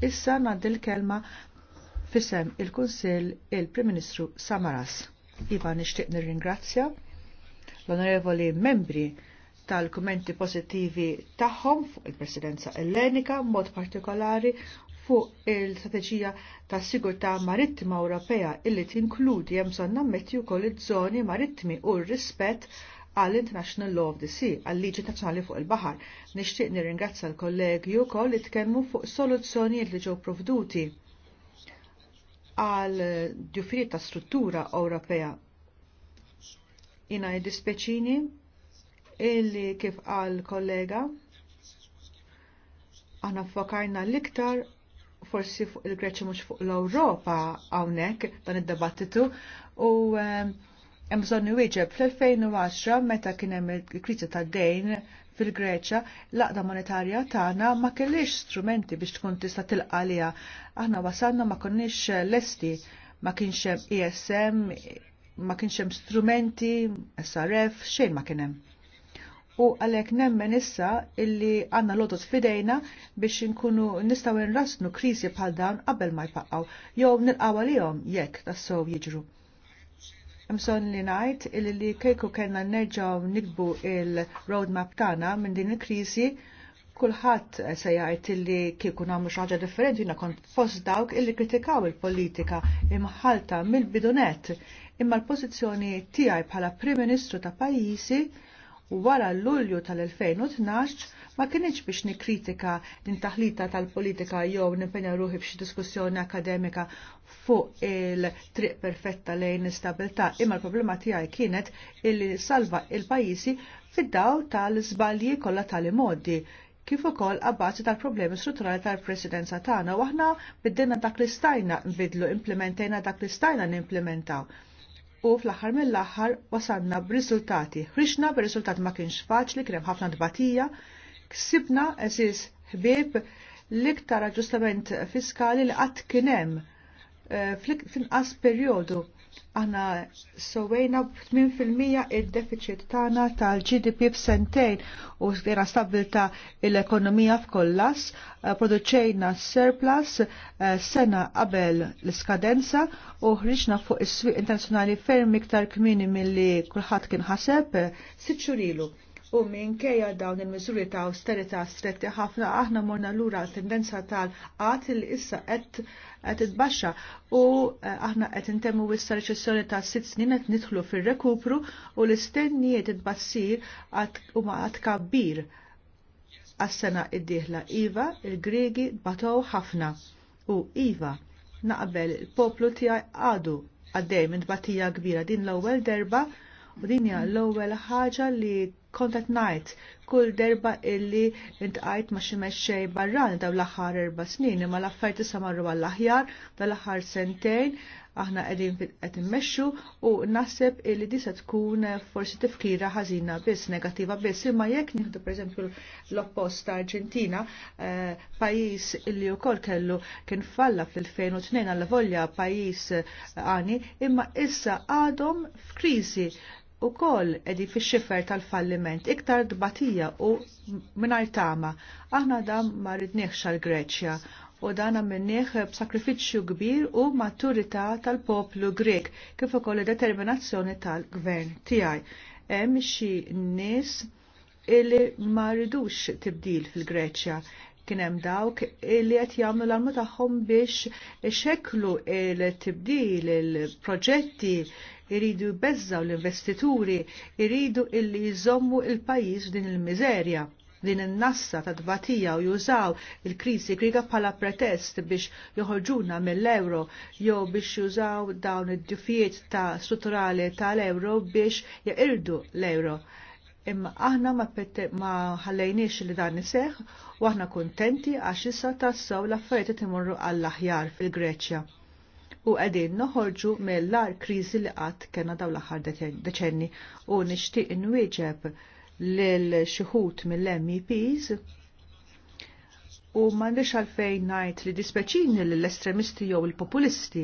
Issa nad il-kelma fisem il-Kunsill il-Prim Ministru Samaras. Iva nixtieq nirringrazzja l-onorevoli membri tal-kumenti pozittivi tagħhom fuq il-Presidenza Ellenika, mod partikolari fuq il-strateġija ta' sigurtà marittima Ewropea illi tinkludi hemm bżonn nammetti wkoll iż-żoni marittimi u r-rispett għall International Law of the Sea, għall liġi nazzjonali fuq il-bahar. Nixtieq nirringrazzja l-kollegi wkoll li tkellmu fuq soluzzjonijiet li ġew provduti għal ġufijiet ta' struttura Ewropea. Ina jiddispjaċini illi kif qal kollega aħna ffokajna l-iktar forsi fuq il-Greċi mhux fuq l-Ewropa hawnhekk dan id-dibattitu u ehm, hemm bżonn iwieġeb fl-2010 meta kien hemm il-kriżi tad-dejn fil-Greċja l-aqda monetarja tagħna ma kellix strumenti biex tkun tista' tilqa għaliha. Aħna wasalna ma konniex lesti ma kienx hemm ISM, e ma kienx hemm strumenti, SRF, xejn ma kien hemm u għalek nemmen issa illi għanna lotus fidejna biex nkunu nistaw nrasnu krisi bħal dawn qabel ma jpaqqaw, jew nilqawa li jom jek tassow jiġru. Mson li najt illi li kejku kena nerġaw nikbu il-roadmap tana minn din il-krisi, kullħat se jgħid illi kieku nagħmlu xi ħaġa differenti jiena kont fost dawk illi kritikaw il-politika imħalta mill-bidunet imma l-pożizzjoni tiegħi bħala Prim Ministru ta' pajjiżi wara l-Lulju tal-2012 ma kienx biex nikkritika l-intaħlita tal-politika jew nimpenja ruħi f'xi diskussjoni akademika fuq il-triq perfetta lejn istabilità, imma l-problema tiegħi kienet illi salva il-pajjiżi fid-daw tal-żbalji kollha tal-imoddi kif ukoll abbażi tal-problemi strutturali tal-presidenza tagħna u aħna biddilna dak li stajna nbidlu implementejna dak li stajna nimplementaw u fl-aħħar mill-aħħar wasanna b'riżultati. Ħriġna b'riżultat ma kienx faċli, kien hemm ħafna dbatija, ksibna eżis ħbieb l-iktar aġġustament fiskali li qatt kien hemm eh, fl-inqas perjodu Għana sowejna b-8% il-deficit tana tal-GDP sentejn u s-għera stabilta l-ekonomija f'kollas, eh, produċejna surplus eh, sena qabel l-skadenza u ħriġna fuq is-swieq internazjonali ferm iktar kmini mill-li kulħadd kien ħaseb eh, siċċurilu U minkejja dawn il-miżuri ta' austerità stretti ħafna aħna morna lura tendenza tal-qat li issa qed qed itbaxxa u eh, aħna qed intemmu wissa reċessjoni ta' sitt snin qed nidħlu fir-rekupru u l-istennijiet itbassir huma għad kabbir għas-sena id-dieħla iva il-Griegi batow ħafna u iva naqbel il-poplu tiegħi għadu għaddej minn batija kbira din l-ewwel derba u din hija l-ewwel ħaġa li kontet najt kull derba illi intqajt ma xi mexxej barran daw l-aħħar erba' snin imma l-affarijiet issa marru għall-aħjar dal-aħħar sentejn aħna qegħdin qed immexxu u naħseb illi di se tkun forsi tifkira ħażina biss negattiva biss imma jekk nieħdu pereżempju l-oppost ta' Arġentina eh, pajjiż illi wkoll kellu kien falla u 2002 għall volja pajjiż għani eh, imma issa għadhom f'kriżi u kol edi fi xifer tal-falliment iktar dbatija u minar tama. Aħna dam maridnieħ xal-Greċja u dan għamilnieħ b'sakrifiċċju kbir u maturità tal-poplu Grek kif ukoll determinazzjoni tal-gvern tiegħi. Hemm xi nies illi ma ridux tibdil fil-Greċja kien hemm dawk li qed jagħmlu l-almu tagħhom biex ixekklu il-tibdil il-proġetti iridu jbezzaw l-investituri, iridu illi jżommu il-pajis din il-mizerja din in-nassa ta' dbatija u jużaw il-krisi kriga pala pretest biex joħorġuna mill-euro jew biex jużaw dawn id-dufijiet ta' strutturali tal-euro biex jaqirdu l-euro. Imma aħna ma, ma ħallejniex li dan iseħ u aħna kontenti għax issa tassaw l-affarijiet imorru għall-aħjar fil-Greċja u qegħdin noħorġu mill-ar kriżi li qatt kena dawn l-aħħar deċenni u nixtieq nwieġeb lil xi mill-MEPs u m'għandix għalfejn ngħid li dispeċini lill-estremisti jew il-populisti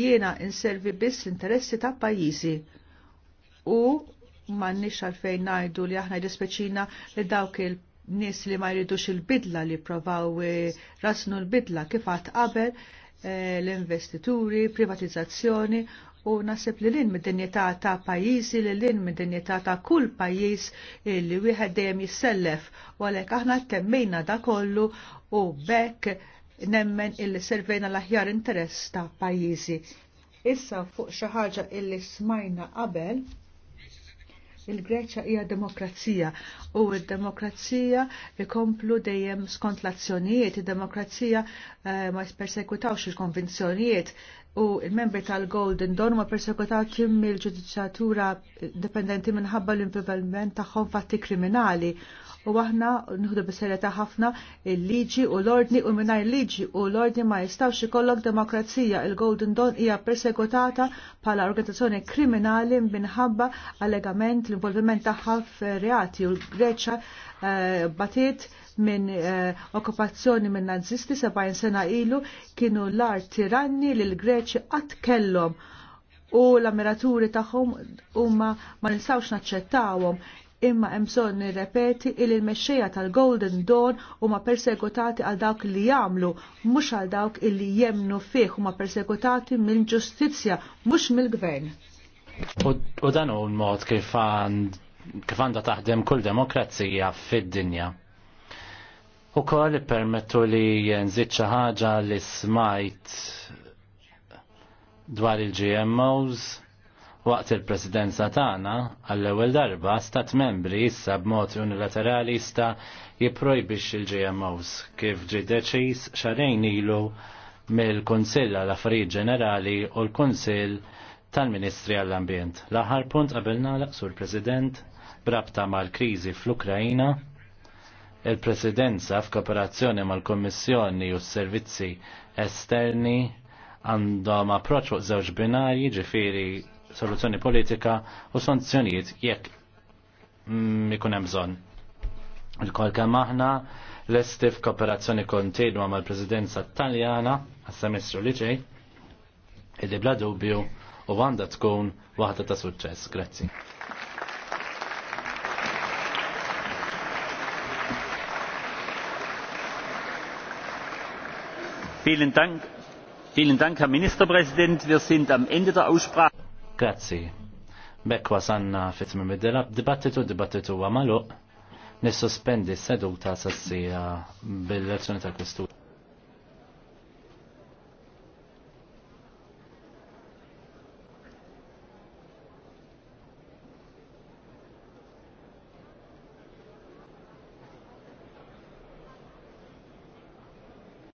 jiena inservi biss l-interessi ta' pajjiżi u m'għandix għalfejn ngħidu li aħna dispeċina li dawk il nis li ma jridux il-bidla li provaw eh, rasnu l-bidla kifat qabel Eh, l-investituri, privatizzazzjoni u nasib li l-in mid-dinjità ta' pajjiżi li l-in mid-dinjità ta' kull pajjiż li wieħed dejjem jissellef u għalhekk aħna temmejna da kollu u bekk nemmen illi servejna l-aħjar interess ta' pajjiżi. Issa fuq xi ħaġa illi smajna qabel il-Greċja hija demokrazija u d-demokrazija ikomplu dejjem skont l-azzjonijiet, id-demokrazija eh, ma jispersekutawx il-konvinzjonijiet u il-membri tal-Golden Dawn ma persekutati mill-ġudizzatura dipendenti minħabba l-involvement tagħhom fatti kriminali u aħna nħudu b'serjetà ħafna il-liġi u l-ordni u mingħajr liġi u l-ordni ma jistawx ikollok demokrazija. Il-Golden Dawn hija persekutata bħala organizzazzjoni kriminali minħabba allegament l-involviment tagħha f'reati u l-Greċa Eh, batiet minn eh, okkupazzjoni minn nazisti 70 sena ilu kienu l-art tiranni li l-Greċi qatt kellhom u l-ammiraturi tagħhom huma ma nistgħux naċċettawhom imma hemm bżonn nirrepeti il il-mexxejja tal-Golden Dawn huma persegutati għal dawk li jagħmlu mhux għal dawk illi jemnu fih huma persegutati mill-ġustizzja mhux mill-gvern. U dan hu l-mod kif għand kif għandha taħdem kull demokrazija fid-dinja. U koll permettu li nżid xi ħaġa li smajt dwar il-GMOs waqt il-presidenza tagħna għall-ewwel darba stat membri issa b'mod unilaterali sta jipprojbix il-GMOs kif ġi deċis xarejn ilu mill-Kunsill għal affarijiet Ġenerali u l-Kunsill tal-Ministri għall-Ambjent. L-aħħar punt qabel nagħlaq sur President brabta mal-kriżi fl-Ukrajina, il-Presidenza f'kooperazzjoni mal-Kommissjoni u s-Servizzi Esterni għandhom approċċ fuq żewġ binarji ġifieri soluzzjoni politika u sanzjonijiet jekk mm, ikun hemm bżonn. Il-kol kemm aħna l esti f'kooperazzjoni kontinwa mal-Presidenza Taljana għas-semestru li ġej, illi bla dubju u għandha tkun waħda ta' suċċess. Grazzi. Vielen Dank, vielen Dank, Herr Grazie. Bekk wasanna fit mimidela dibattitu dibattitu għamalu nissospendi seduta sassija bil-lezzjoni tal-kwesturi.